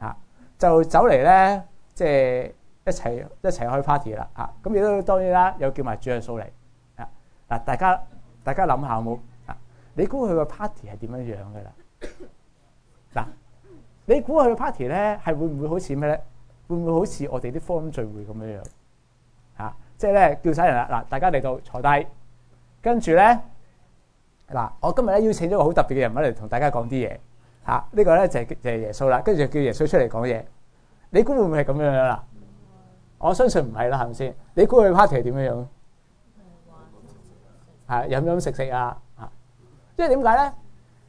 嚇，就走嚟咧，即係一齊一齊開 party 啦嚇。咁亦都當然啦，有叫埋主耶穌嚟啊嗱，大家大家諗下好冇？你估佢個 party 係點樣樣嘅啦？嗱， <coughs> 你估佢個 party 咧係會唔會好似咩咧？會唔會好似我哋啲科 o 聚會咁樣樣？吓、啊，即係咧叫晒人啦！嗱，大家嚟到坐低，跟住咧，嗱、啊，我今日咧邀請一個好特別嘅人物嚟同大家講啲嘢。吓、啊，呢、這個咧就就係耶穌啦。跟住叫耶穌出嚟講嘢。你估會唔會係咁樣樣啦？我相信唔係啦，係咪先？你估佢 party 點樣樣？係飲飲食食啊！喝喝吃吃啊。即係點解咧？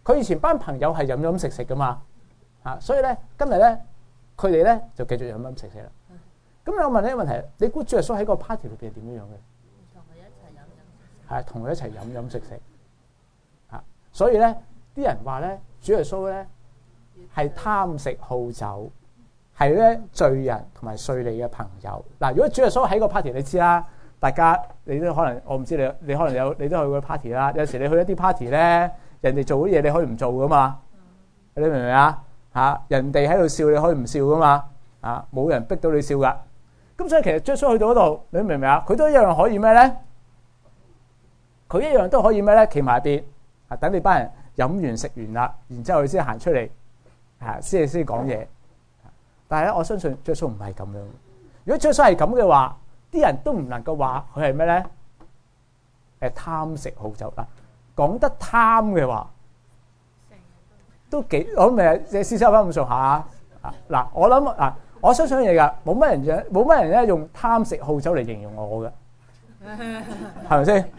佢以前班朋友係飲飲食食噶嘛，啊！所以咧，今日咧，佢哋咧就繼續飲飲食食啦。咁我問呢個問題，你估主耶穌喺個 party 裏邊係點樣樣嘅？係同佢一齊飲飲，飲，飲飲食食。啊！所以咧，啲人話咧，主耶穌咧係貪食好酒，係咧罪人同埋稅吏嘅朋友。嗱，如果主耶穌喺個 party，你知啦。大家你都可能我唔知你你可能有你都去過 party 啦，有時你去一啲 party 咧，人哋做啲嘢你可以唔做噶嘛？你明唔明啊？吓，人哋喺度笑你可以唔笑噶嘛？冇人逼到你笑噶。咁所以其實耶穌去到嗰度，你明唔明啊？佢都一樣可以咩咧？佢一樣都可以咩咧？企埋入邊啊，等你班人飲完食完啦，然之後先行出嚟吓先先講嘢。但係咧，我相信耶穌唔係咁樣。如果耶穌係咁嘅話，啲人都唔能夠話佢係咩咧？誒貪食好酒啊，講得貪嘅話都幾，我咪試試收翻咁上下啊！嗱，我諗啊，我相信嘢噶，冇乜人冇乜人咧用貪食好酒嚟形容我嘅，係咪先？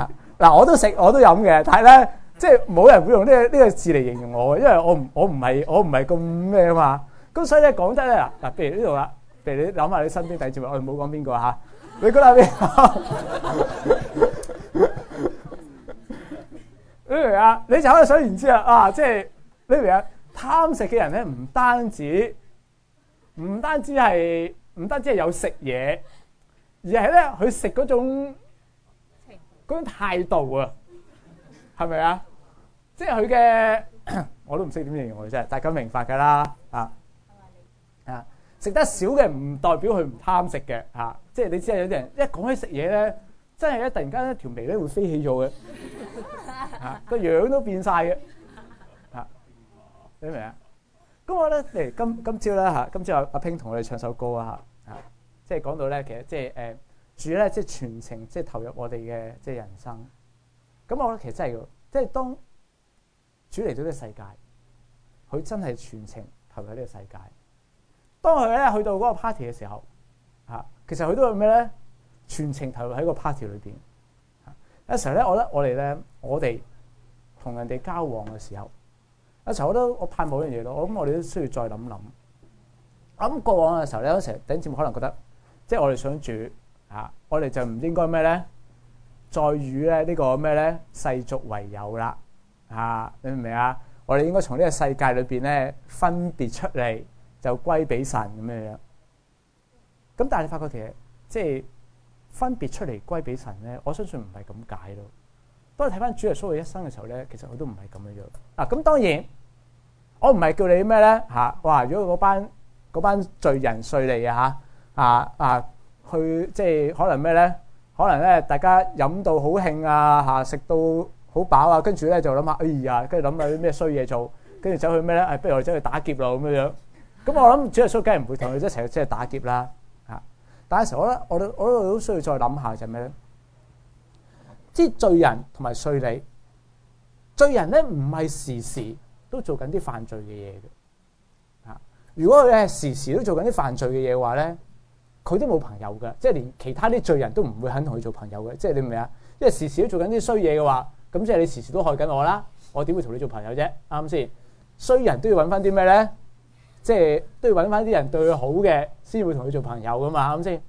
啊嗱，我都食我都飲嘅，但係咧即係冇人會用呢個呢個字嚟形容我嘅，因為我唔我唔係我唔係咁咩吖嘛。咁所以咧講得咧嗱，嗱，譬如呢度啦。你諗下你身邊第二幾位？我哋唔好講邊個嚇，你講下邊？呢位啊，你， <laughs> <laughs> <laughs> 你，你就可以想而知啦啊！即係你位啊，貪食嘅人咧，唔單止，唔單止係，唔單止係有食嘢，而係咧佢食嗰種嗰種態度啊，係咪啊？即係佢嘅，我都唔識點形容佢啫，大家明白噶啦。食得少嘅唔代表佢唔貪食嘅，嚇、啊！即係你知啊，有啲人一講起食嘢咧，真係咧突然間咧條眉咧會飛起咗嘅，嚇 <laughs> 個、啊、樣都變晒嘅，嚇！你明唔明啊？咁我咧嚟今今朝咧嚇，今朝、啊、阿阿 Ping 同我哋唱首歌啊嚇，嚇、啊！即係講到咧，其實即係誒主咧，即、呃、係、就是、全程即係、就是、投入我哋嘅即係人生。咁我覺得其實真係要，即係當主嚟咗呢個世界，佢真係全程投入呢個世界。當佢咧去到嗰個 party 嘅時候，嚇，其實佢都係咩咧？全程投入喺個 party 裏邊。有時候咧，我覺得我哋咧，我哋同人哋交往嘅時候，有時候我都我盼望一樣嘢咯。我諗我哋都需要再諗諗。咁過往嘅時候咧，有時候頂節目可能覺得，即係我哋想住嚇，我哋就唔應該咩咧？再與咧呢個咩咧世俗為友啦，嚇，你明唔明啊？我哋應該從呢個世界裏邊咧分別出嚟。就歸俾神咁樣樣，咁但係你發覺其實，即係分別出嚟歸俾神咧，我相信唔係咁解咯。當你睇翻主耶穌佢一生嘅時候咧，其實佢都唔係咁樣樣。嗱，咁當然我唔係叫你咩咧嚇哇！如果嗰班嗰班罪人罪嚟啊嚇啊啊，去即係可能咩咧？可能咧大家飲到好興啊嚇，食到好飽啊，跟住咧就諗下哎呀，跟住諗下啲咩衰嘢做，跟住走去咩咧？誒，不如我哋走去打劫咯咁樣樣。咁、嗯、我諗，主耶穌梗係唔會同佢一齊即係打劫啦，吓！但係成日我咧，我我我都需要再諗下就係咩咧？即係罪人同埋稅吏。罪人咧唔係時時都做緊啲犯罪嘅嘢嘅，吓、啊！如果佢係時時都做緊啲犯罪嘅嘢嘅話咧，佢都冇朋友噶，即係連其他啲罪人都唔會肯同佢做朋友嘅，即係你明唔明啊？因為時時都做緊啲衰嘢嘅話，咁即係你時時都害緊我啦，我點會同你做朋友啫？啱先？衰人都要揾翻啲咩咧？即係都要揾翻啲人對佢好嘅，先會同佢做朋友噶嘛？啱先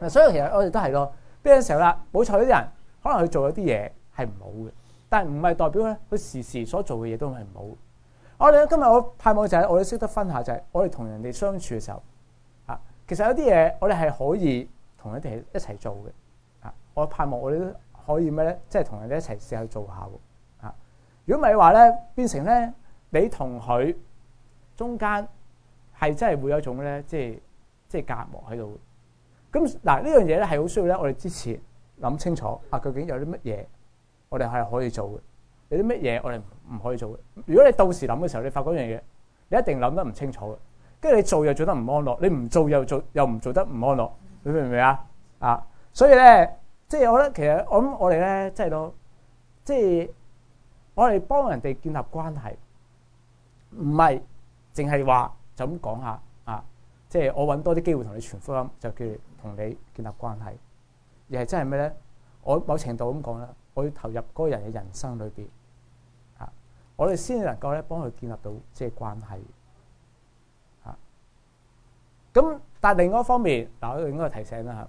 嗱，所以其實我哋都係咯。邊個時候啦？冇錯，呢啲人可能佢做咗啲嘢係唔好嘅，但係唔係代表咧佢時時所做嘅嘢都係唔好。啊，我哋今日我盼望就係我哋識得分下，就係我哋同人哋相處嘅時候啊。其實有啲嘢我哋係可以同人哋一齊做嘅啊。我盼望我哋都可以咩咧？即係同人哋一齊試下，試下做下喎啊。如果唔係話咧，變成咧你同佢。中間係真係會有一種咧，即係即係隔膜喺度。咁嗱，呢樣嘢咧係好需要咧，我哋之前諗清楚啊，究竟有啲乜嘢我哋係可以做嘅，有啲乜嘢我哋唔可以做嘅。如果你到時諗嘅時候，你發覺一樣嘢，你一定諗得唔清楚嘅，跟住你做又做得唔安樂，你唔做又做又唔做得唔安樂，你明唔明啊？啊，所以咧，即係我覺得其實我諗我哋咧，即係都即係我哋幫人哋建立關係，唔係。淨係話就咁講下啊，即係我搵多啲機會同你傳福音，就叫同你建立關係。而係真係咩咧？我某程度咁講啦，我要投入嗰個人嘅人生裏邊啊，我哋先能夠咧幫佢建立到即係關係啊。咁但係另外一方面，嗱我應該提醒啦吓，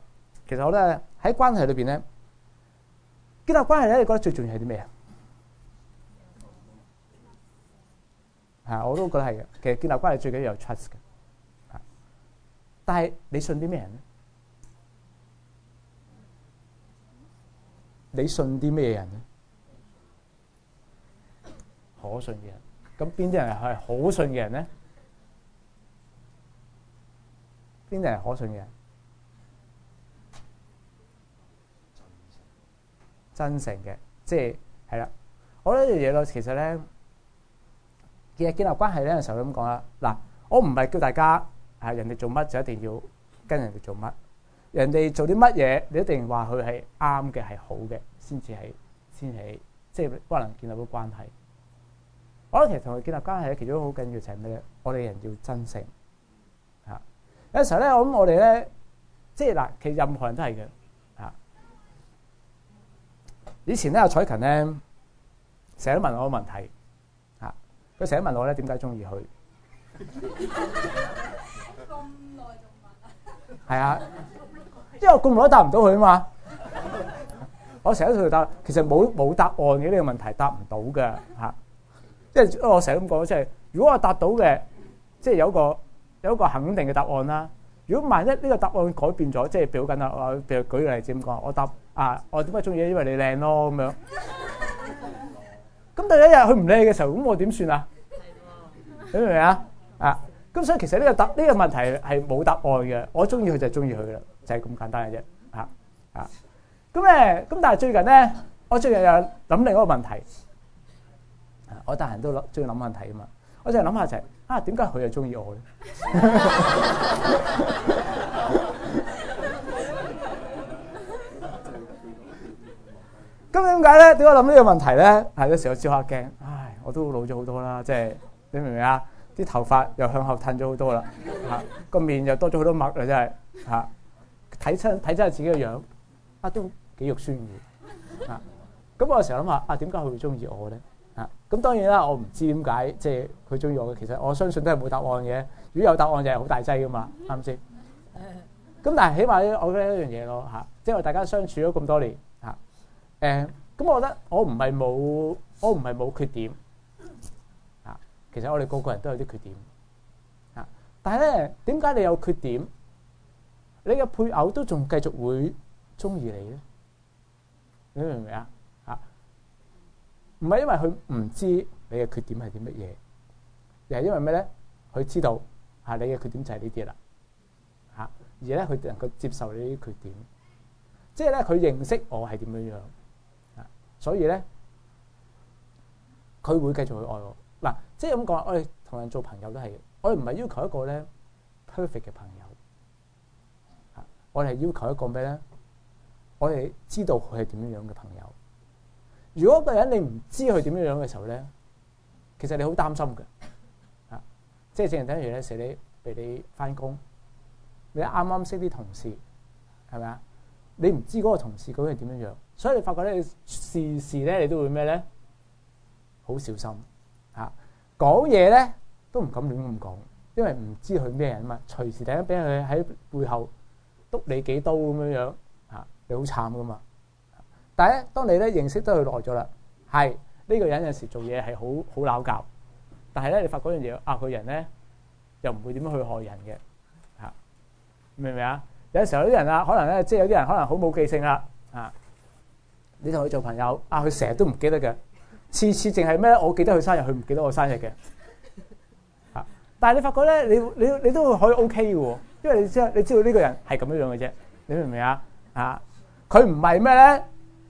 其實我咧喺關係裏邊咧，建立關係咧，你覺得最重要係啲咩啊？係，我都覺得係嘅。其實建立關係最緊要有 trust 嘅。但係你信啲咩人咧？你信啲咩人咧？可信嘅人，咁邊啲人係可信嘅人咧？邊啲人係可信嘅人？真誠，嘅，即係係啦。我覺得呢樣嘢咯，其實咧。其實建立關係咧，有陣時候咁講啦。嗱，我唔係叫大家係人哋做乜就一定要跟人哋做乜，人哋做啲乜嘢，你一定話佢係啱嘅，係好嘅，先至係先係即係不能建立到關係。我覺得其實同佢建立關係咧，其中好緊要就係咩？我哋人要真誠。吓，有陣時咧，我諗我哋咧，即係嗱，其實任何人都係嘅。吓，以前咧，阿彩芹咧，成日都問我個問題。佢成日問我咧，點解中意佢？係啊，因為我咁耐都答唔到佢啊嘛。我成日都同佢答，其實冇冇答案嘅，呢個問題答唔到嘅。嚇，即係我成日咁講，即係如果我答到嘅，即係有一個有一個肯定嘅答案啦。如果萬一呢個答案改變咗，即係表緊啊，譬如舉例，即係點講，我答啊，我點解中意因為你靚咯咁樣。咁但係有一日佢唔理嘅時候，咁我點算啊？你明唔明啊？啊！咁所以其實呢個答呢個問題係冇答案嘅。我中意佢就中意佢啦，就係咁簡單嘅啫。啊啊！咁咧，咁但係最近咧，我最近又諗另一個問題。我得閒都諗，中意諗問題啊嘛。我淨係諗下就係啊，點解佢又中意我咧？咁點解咧？點解諗呢個問題咧？係、啊、有時候照下鏡，唉，我都老咗好多啦，即係，你明唔明啊？啲頭髮又向後褪咗好多啦，啊，個面又多咗好多麥啦，真係睇親睇自己嘅樣，啊都幾肉酸嘅，啊咁我有時候諗下啊，點解佢會中意我咧？啊咁當然啦，我唔知點解，即係佢中意我嘅。其實我相信都係冇答案嘅。如果有答案就係好大劑噶嘛，啱唔啱先？咁但係起碼我覺得一樣嘢咯，即係大家相處咗咁多年。誒、嗯，咁我覺得我唔係冇，我唔係冇缺點啊。其實我哋個個人都有啲缺點啊。但係咧，點解你有缺點，你嘅配偶都仲繼續會中意你咧？你明唔明啊？啊，唔係因為佢唔知你嘅缺點係啲乜嘢，而係因為咩咧？佢知道嚇、啊、你嘅缺點就係、啊、呢啲啦，嚇而咧佢能夠接受你呢啲缺點，即係咧佢認識我係點樣樣。所以咧，佢會繼續去愛我。嗱，即係咁講，我哋同人做朋友都係，我哋唔係要求一個咧 perfect 嘅朋友。嚇，我哋係要求一個咩咧？我哋知道佢係點樣樣嘅朋友。如果一個人你唔知佢點樣樣嘅時候咧，其實你好擔心嘅。嚇，即係正係，等如咧，社你俾你返工，你啱啱識啲同事，係咪啊？你唔知嗰個同事究竟點樣樣？所以你發覺咧，你事事咧你都會咩咧？好小心嚇，講嘢咧都唔敢亂咁講，因為唔知佢咩人啊嘛，隨時突然俾佢喺背後篤你幾刀咁樣樣嚇，你好慘噶嘛！但係咧，當你咧認識得佢耐咗啦，係呢個人有時做嘢係好好鬧交，但係咧你發覺一樣嘢啊，佢人咧又唔會點樣去害人嘅嚇，明唔明啊？有時候有啲人啊，可能咧即係有啲人可能好冇記性啦啊～你同佢做朋友，啊，佢成日都唔記得嘅，次次淨係咩咧？我記得佢生日，佢唔記得我生日嘅。啊，但係你發覺咧，你你你都可以 OK 嘅喎，因為你知你知道呢個人係咁樣樣嘅啫。你明唔明啊？啊，佢唔係咩咧？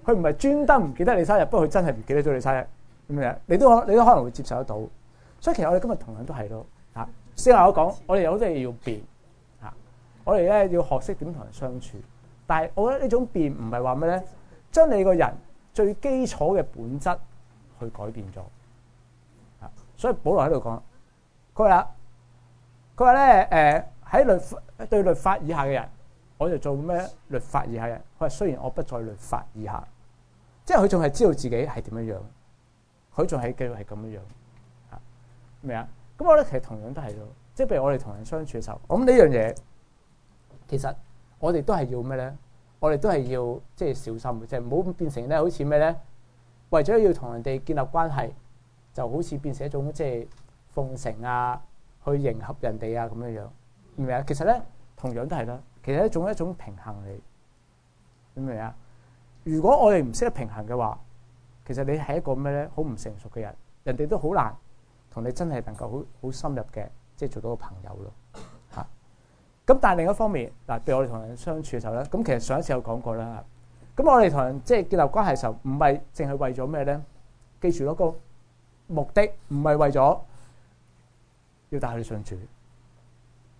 佢唔係專登唔記得你生日，不過佢真係唔記得咗你生日。咁樣，你都你都可能會接受得到。所以其實我哋今日同樣都係咯。啊，先話我講，我哋有好多嘢要變。啊，我哋咧要學識點同人相處。但係我覺得呢種變唔係話咩咧？將你個人最基礎嘅本質去改變咗，啊！所以保羅喺度講，佢話佢話咧，誒喺、呃、律對律法以下嘅人，我就做咩律法以下嘅人。佢話雖然我不再律法以下，即係佢仲係知道自己係點樣樣，佢仲係繼續係咁樣樣，啊？咩啊？咁我覺得其實同樣都係要，即係譬如我哋同人相處嘅時候，咁呢樣嘢其實我哋都係要咩咧？我哋都係要即係小心嘅，即係唔好變成咧，好似咩咧，為咗要同人哋建立關係，就好似變成一種即係奉承啊，去迎合人哋啊咁樣樣，明唔明啊？其實咧，同樣都係啦，其實一種一種平衡嚟，你明唔明啊？如果我哋唔識得平衡嘅話，其實你係一個咩咧？好唔成熟嘅人，人哋都好難同你真係能夠好好深入嘅，即係做到個朋友咯。咁但係另一方面，嗱，譬如我哋同人相處嘅時候咧，咁其實上一次有講過啦，咁我哋同人即係建立關係嘅時候，唔係淨係為咗咩咧？記住咯，個目的唔係為咗要帶佢哋上主。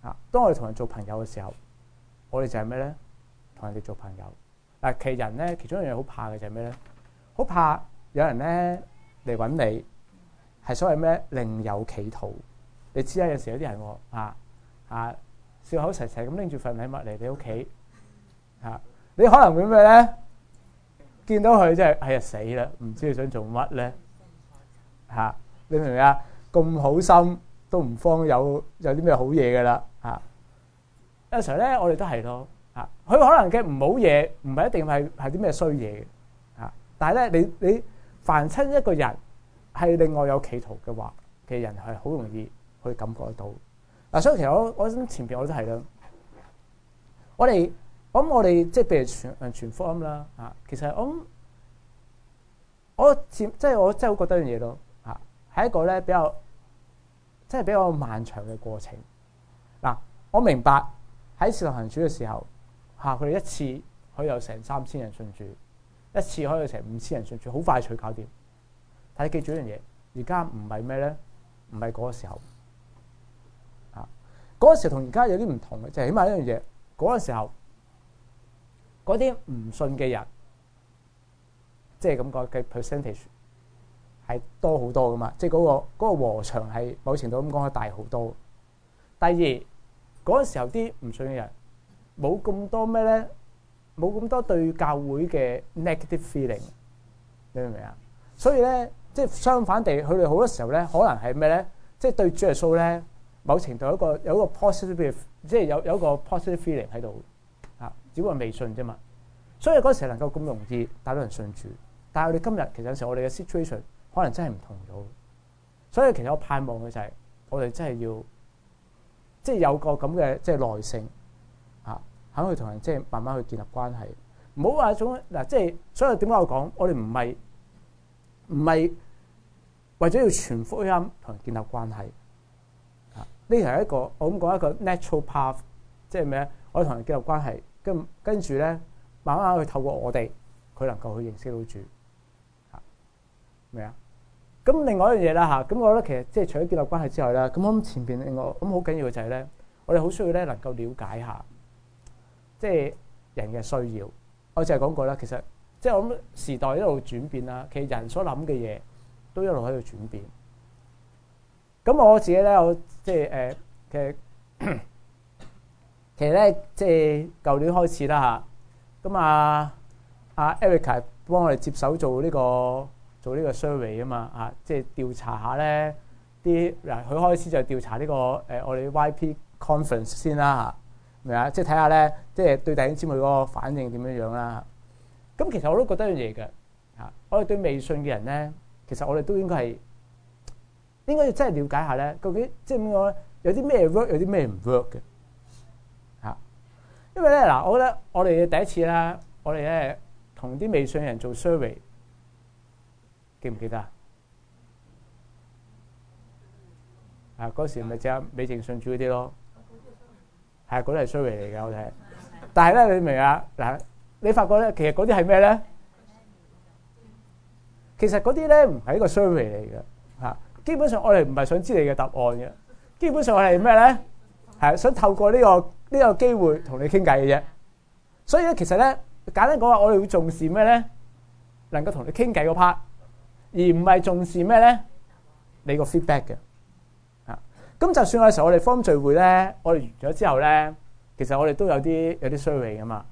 啊，當我哋同人做朋友嘅時候，我哋就係咩咧？同人哋做朋友。嗱，其人咧，其中一樣好怕嘅就係咩咧？好怕有人咧嚟揾你，係所謂咩另有企圖？你知呀，有時有啲人，啊啊！笑口齊齊咁拎住份禮物嚟你屋企。啊，你可能會咩咧？見到佢真係哎呀死啦！唔知佢想做乜咧，啊？你明唔明啊？咁好心都唔慌有有啲咩好嘢噶啦嚇！有時候咧，我哋都係咯，佢可能嘅唔好嘢，唔係一定係啲咩衰嘢嘅，但係咧，你你凡親一個人係另外有企圖嘅話嘅人係好容易去感覺到。嗱，所以其實我我前邊我都係啦，我哋我我哋即係譬如傳誒傳福音啦，啊，其實我我即係我真係好覺得一樣嘢咯，啊，係一個咧比較即係比較漫長嘅過程。嗱，我明白喺使徒行傳嘅時候，嚇佢哋一次可以有成三千人信主，一次可以有成五千人信主，好快脆搞掂。但係記住一樣嘢，而家唔係咩咧？唔係嗰個時候。嗰個時候同而家有啲唔同嘅，就係起碼一樣嘢。嗰個時候，嗰啲唔信嘅人，即係咁講嘅 percentage 係多好多噶嘛，即係嗰個嗰個和場係某程度咁講，係大好多。第二，嗰個時候啲唔信嘅人冇咁多咩咧，冇咁多對教會嘅 negative feeling，你明唔明啊？所以咧，即係相反地，佢哋好多時候咧，可能係咩咧，即係對耶穌咧。某程度有一個有一個 positive，belief, 即係有有一個 positive feeling 喺度，啊，只不過係未信啫嘛。所以嗰時能夠咁容易帶到人信主。但係我哋今日其實有時候我哋嘅 situation 可能真係唔同咗。所以其實我盼望嘅就係我哋真係要即係、就是、有個咁嘅即係耐性，啊，肯去同人即係、就是、慢慢去建立關係，唔好話一種嗱、啊，即係所以點解我講我哋唔係唔係為咗要傳福音同人建立關係。呢個係一個我咁講一個 natural path，即係咩？我哋同人建立關係，跟跟住咧，慢慢去透過我哋，佢能夠去認識到主。嚇咩啊？咁另外一樣嘢啦嚇，咁我覺得其實即係除咗建立關係之外咧，咁我諗前邊另外咁好緊要嘅就係咧，我哋好需要咧能夠了解一下，即係人嘅需要。我淨係講過啦，其實即係我諗時代一路轉變啦，其實人所諗嘅嘢都一路喺度轉變。咁我自己咧，我即、就、係、是呃、其實咳咳其實咧，即係舊年開始啦。咁啊，阿 Erica 幫我哋接手做呢、這個做呢個 survey 啊嘛，即、啊、係、就是、調查下咧啲嗱，佢、啊、開始就調查呢、這個、呃、我哋 YP Conference 先啦啊？即係睇下咧，即、就、係、是、對弟兄姊妹嗰個反應點樣樣啦。咁、啊、其實我都覺得樣嘢嘅，我哋對未信嘅人咧，其實我哋都應該係。應該要真係瞭解下咧，究竟即係點講咧？有啲咩 work，有啲咩唔 work 嘅嚇。因為咧嗱，我覺得我哋第一次啦，我哋咧同啲未信人做 survey，記唔記得啊？啊，嗰時咪就未信主嗰啲咯，係嗰啲係 survey 嚟嘅。我哋，但係咧，你明啊嗱？你發覺咧，其實嗰啲係咩咧？其實嗰啲咧唔係一個 survey 嚟嘅嚇。基本上我哋唔係想知你嘅答案嘅，基本上我哋係咩咧？係想透過呢個呢個機會同你傾偈嘅啫。所以咧，其實咧，簡單講話，我哋會重視咩咧？能夠同你傾偈個 part，而唔係重視咩咧？你個 feedback 嘅。啊，咁就算有時候我哋 form 聚會咧，我哋完咗之後咧，其實我哋都有啲有啲衰味㗎嘛。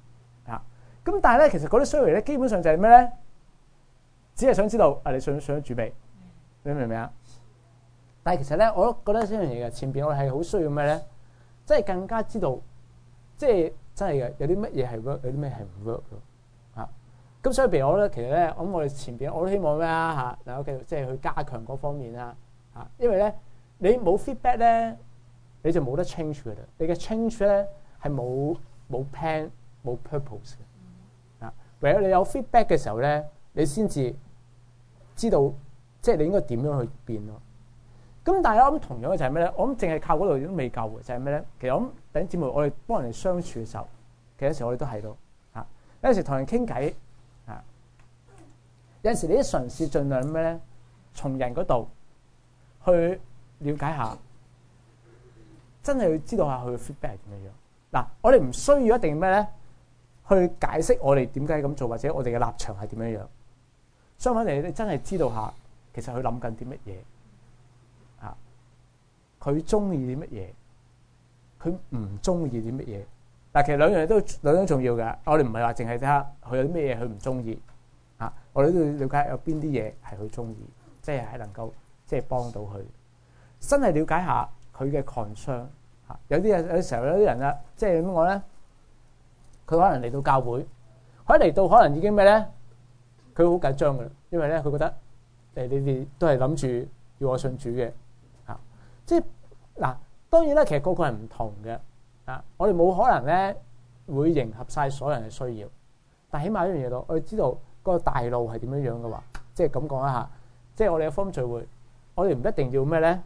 啊，咁但係咧，其實嗰啲衰味咧，基本上就係咩咧？只係想知道啊，你想唔想準備？你明唔明啊？但係其實咧，我都覺得呢樣嘢嘅前邊我哋係好需要咩咧？即係更加知道，即係真係嘅有啲乜嘢係 work，有啲咩係唔 work 啊？咁所以譬如我咧，其實咧，咁我哋前邊我都希望咩啊？嚇，嗱，我繼續即係去加強嗰方面啦，嚇、啊，因為咧你冇 feedback 咧，你就冇得 change 㗎啦。你嘅 change 咧係冇冇 plan 冇 purpose 嘅啊。唯有你有 feedback 嘅時候咧，你先至知道即係你應該點樣去變咯。咁但係我諗同樣嘅就係咩咧？我諗淨係靠嗰度都未夠嘅，就係咩咧？其實我諗等姊妹我哋幫人哋相處嘅時候，其實有陣時我哋都喺度。有陣時同人傾偈，有陣時你啲嘗試儘量咩咧？從人嗰度去了解下，真係要知道下佢嘅 feedback 係點樣樣。嗱，我哋唔需要一定咩咧？去解釋我哋點解咁做，或者我哋嘅立場係點樣樣。相反你你真係知道下其實佢諗緊啲乜嘢。佢中意啲乜嘢？佢唔中意啲乜嘢？但其實兩樣嘢都兩樣都重要嘅。我哋唔係話淨係睇下佢有啲咩嘢佢唔中意啊，我哋都要了解有邊啲嘢係佢中意，即係係能夠即係幫到佢。真係了解下佢嘅 concern 吓。有啲人有啲時候有啲人啊，即係點講咧？佢可能嚟到教會，佢嚟到可能已經咩咧？佢好緊張㗎！因為咧佢覺得誒你哋都係諗住要我信主嘅。即嗱，當然啦，其實個個係唔同嘅啊。我哋冇可能咧會迎合晒所有人嘅需要，但係起碼一樣嘢度，我哋知道嗰個大路係點樣樣嘅話，即係咁講一下。即係我哋嘅 f o 聚會，我哋唔一定要咩咧，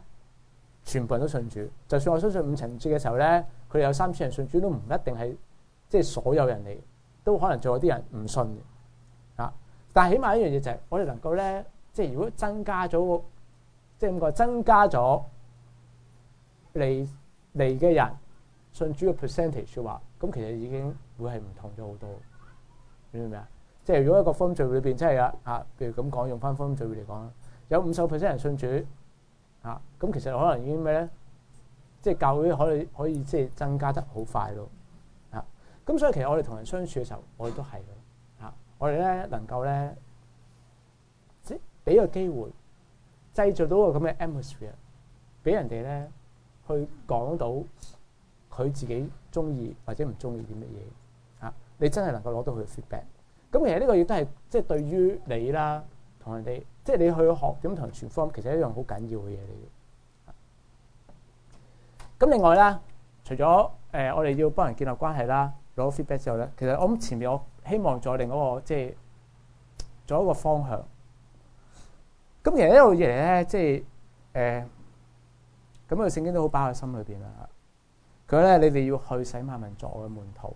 全部人都信主。就算我相信五旬節嘅時候咧，佢哋有三千人信主，都唔一定係即係所有人嚟，都可能仲有啲人唔信啊。但係起碼一樣嘢就係、是、我哋能夠咧，即係如果增加咗，即係咁講增加咗。嚟嚟嘅人信主嘅 percentage 嘅話，咁其實已經會係唔同咗好多，明唔明啊？即係如果一個風趣裏邊真係啊，譬如咁講，用翻風趣嚟講，有五十 percent 人信主，啊，咁其實可能已經咩咧？即係教會可以可以即係、就是、增加得好快咯，啊，咁所以其實我哋同人相處嘅時候，我哋都係啊，我哋咧能夠咧，即係俾個機會，製造到個咁嘅 atmosphere，俾人哋咧。去講到佢自己中意或者唔中意啲乜嘢，嚇、啊、你真係能夠攞到佢嘅 feedback。咁其實呢個亦都係即係對於你啦，同人哋即係你去學點同人傳 form，其實一樣好緊要嘅嘢嚟嘅。咁、啊、另外啦，除咗誒、呃、我哋要幫人建立關係啦，攞 feedback 之後咧，其實我諗前面我希望再另外個即係、就是、做一個方向。咁其實一路以嚟咧，即係誒。呃咁佢聖經都好包喺心裏邊啦。佢咧，你哋要去使萬民作我嘅門徒。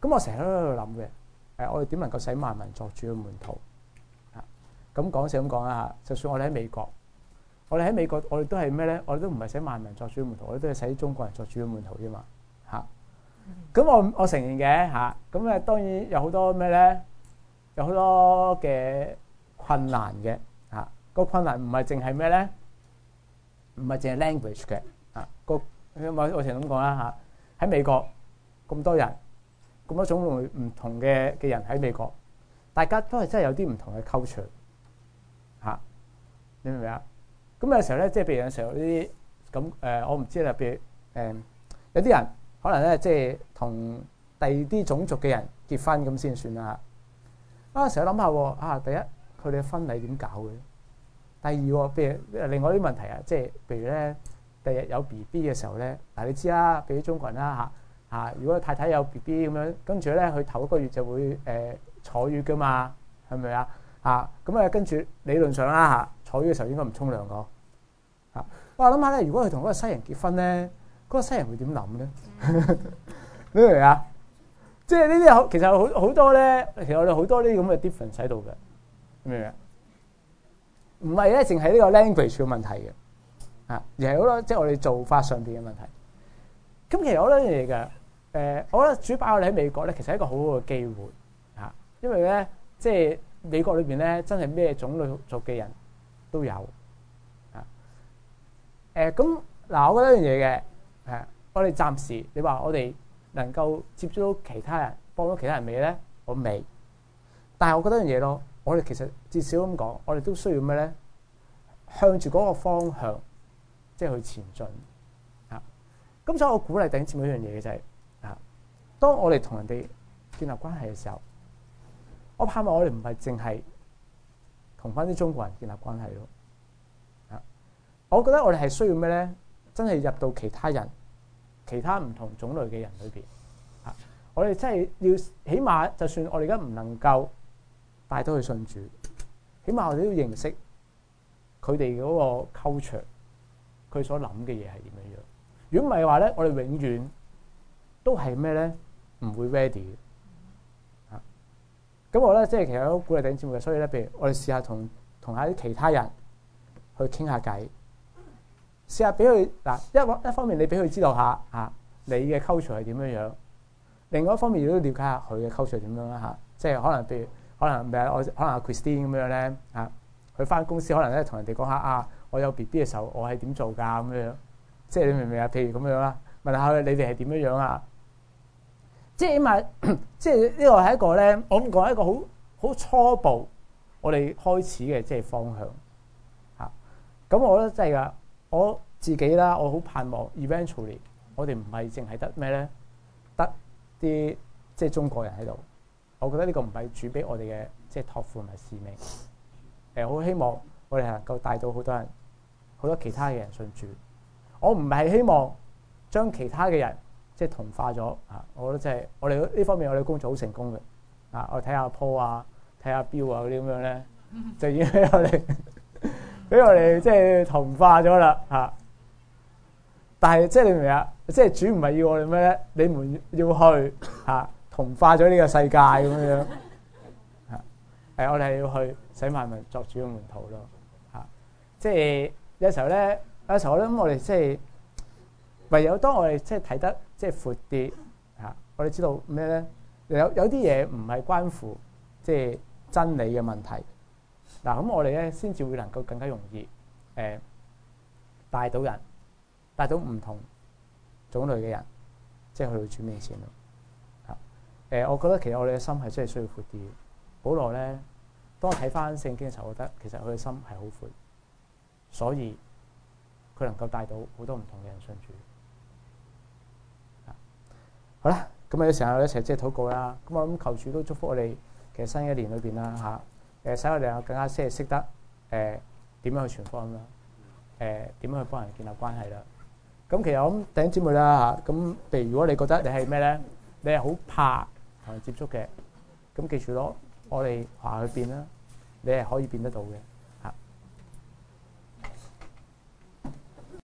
咁我成日都喺度諗嘅誒，我哋點能夠使萬民作主嘅門徒啊？咁講就咁講啦嚇。就算我哋喺美國，我哋喺美國，我哋都係咩咧？我哋都唔係使萬民作主嘅門徒，我哋都係使中國人作主嘅門徒啫嘛嚇。咁我我承認嘅嚇。咁咧當然有好多咩咧，有好多嘅困難嘅嚇。個困難唔係淨係咩咧？唔係淨係 language 嘅，啊個我我成日咁講啦嚇，喺、啊、美國咁多人，咁多種類唔同嘅嘅人喺美國，大家都係真係有啲唔同嘅 culture、啊、你明唔明啊？咁有時候咧，即係譬如有時候呢啲咁誒，我唔知譬如誒，有啲人可能咧即係同第二啲種族嘅人結婚咁先算啦嚇。啊，成日諗下喎啊，第一佢哋嘅婚禮點搞嘅？第二喎，譬如另外啲問題啊，即係譬如咧，第日有 B B 嘅時候咧，嗱你知啦，譬如中國人啦嚇嚇，如果太太有 B B 咁樣，跟住咧佢頭一個月就會誒、呃、坐月噶嘛，係咪啊？嚇咁啊，跟住理論上啦嚇，坐月嘅時候應該唔沖涼個嚇。我諗下咧，如果佢同嗰個西人結婚咧，嗰、嗰個西人會點諗咧？嗯、 <laughs> 明唔明啊？即係呢啲其實好好多咧，其實我哋好多呢啲咁嘅 difference 喺度嘅，明唔明？唔係咧，淨係呢個 language 嘅問題嘅，啊，而係好多即係我哋做法上邊嘅問題。咁其實我覺得樣嘢嘅，誒，我覺得主辦我哋喺美國咧，其實係一個好好嘅機會，嚇，因為咧，即係美國裏邊咧，真係咩種類族嘅人都有，啊，誒，咁嗱，我覺得一樣嘢嘅，係，我哋暫時你話我哋能夠接觸到其他人，幫到其他人未咧？我未，但係我覺得樣嘢咯。我哋其實至少咁講，我哋都需要咩咧？向住嗰個方向，即係去前進。啊，咁所以，我鼓勵弟兄姊妹一樣嘢嘅就係啊，當我哋同人哋建立關係嘅時候，我怕咪我哋唔係淨係同翻啲中國人建立關係咯。啊，我覺得我哋係需要咩咧？真係入到其他人、其他唔同種類嘅人裏邊。啊，我哋真係要，起碼就算我哋而家唔能夠。帶到去信主，起碼我哋都要認識佢哋嗰個 culture，佢所諗嘅嘢係點樣樣。如果唔係話咧，我哋永遠都係咩咧，唔會 ready 嘅。嚇、啊！咁我咧即係其實都鼓勵頂尖戰士，所以咧，譬如我哋試下同同下啲其他人去傾下偈，試下俾佢嗱一一方面你他知道一、啊，你俾佢知道下嚇你嘅 culture 係點樣。另外一方面，亦都了解下佢嘅 culture 點樣啦嚇、啊。即係可能譬如。可能我可能阿 Christine 咁樣咧，啊，佢返公司可能咧同人哋講下啊，我有 BB 嘅時候我係點做噶咁樣，即係你明唔明啊？譬如咁樣啦，問下你哋係點樣樣啊？即係起碼，即係呢個係一個咧，我唔講一個好好初步，我哋開始嘅即係方向，吓、啊。咁我覺得真係噶，我自己啦，我好盼望 eventually 我哋唔係淨係得咩咧，得啲即係中國人喺度。我覺得呢個唔係主俾我哋嘅，即係託付同埋使命。誒、呃，好希望我哋能夠帶到好多人，好多其他嘅人信主。我唔係希望將其他嘅人即係、就是、同化咗啊！我覺得即係我哋呢方面我哋嘅工作好成功嘅啊！我睇下坡啊，睇下標啊嗰啲咁樣咧，就已經俾我哋俾 <laughs> <laughs> 我哋即係同化咗啦嚇。但係即係你明唔明啊？即、就、係、是、主唔係要我哋咩咧？你們要去嚇。啊同化咗呢個世界咁樣，係， <laughs> 係我哋係要去使萬民作主嘅門徒咯，嚇，即係有時候咧、就是，有時候咧咁，我哋即係唯有當我哋即係睇得即係闊啲，嚇，我哋知道咩咧？有有啲嘢唔係關乎即係、就是、真理嘅問題，嗱咁我哋咧先至會能夠更加容易，誒、欸、帶到人，帶到唔同種類嘅人，即、就、係、是、去到主面前咯。誒，我覺得其實我哋嘅心係真係需要闊啲嘅。保羅咧，當我睇翻聖經嘅時候，我覺得其實佢嘅心係好闊，所以佢能夠帶到好多唔同嘅人信主。啊，好啦，咁啊，有時候我哋一齊即係禱告啦。咁我諗求主都祝福我哋，其實新一年裏邊啦嚇，誒使我哋更加即係識得誒點樣去傳福音啦，誒點樣去幫人建立關係啦。咁其實我諗弟兄姊妹啦嚇，咁譬如如果你覺得你係咩咧，你係好怕。接觸嘅，咁記住咯，我哋話去變啦，你係可以變得到嘅。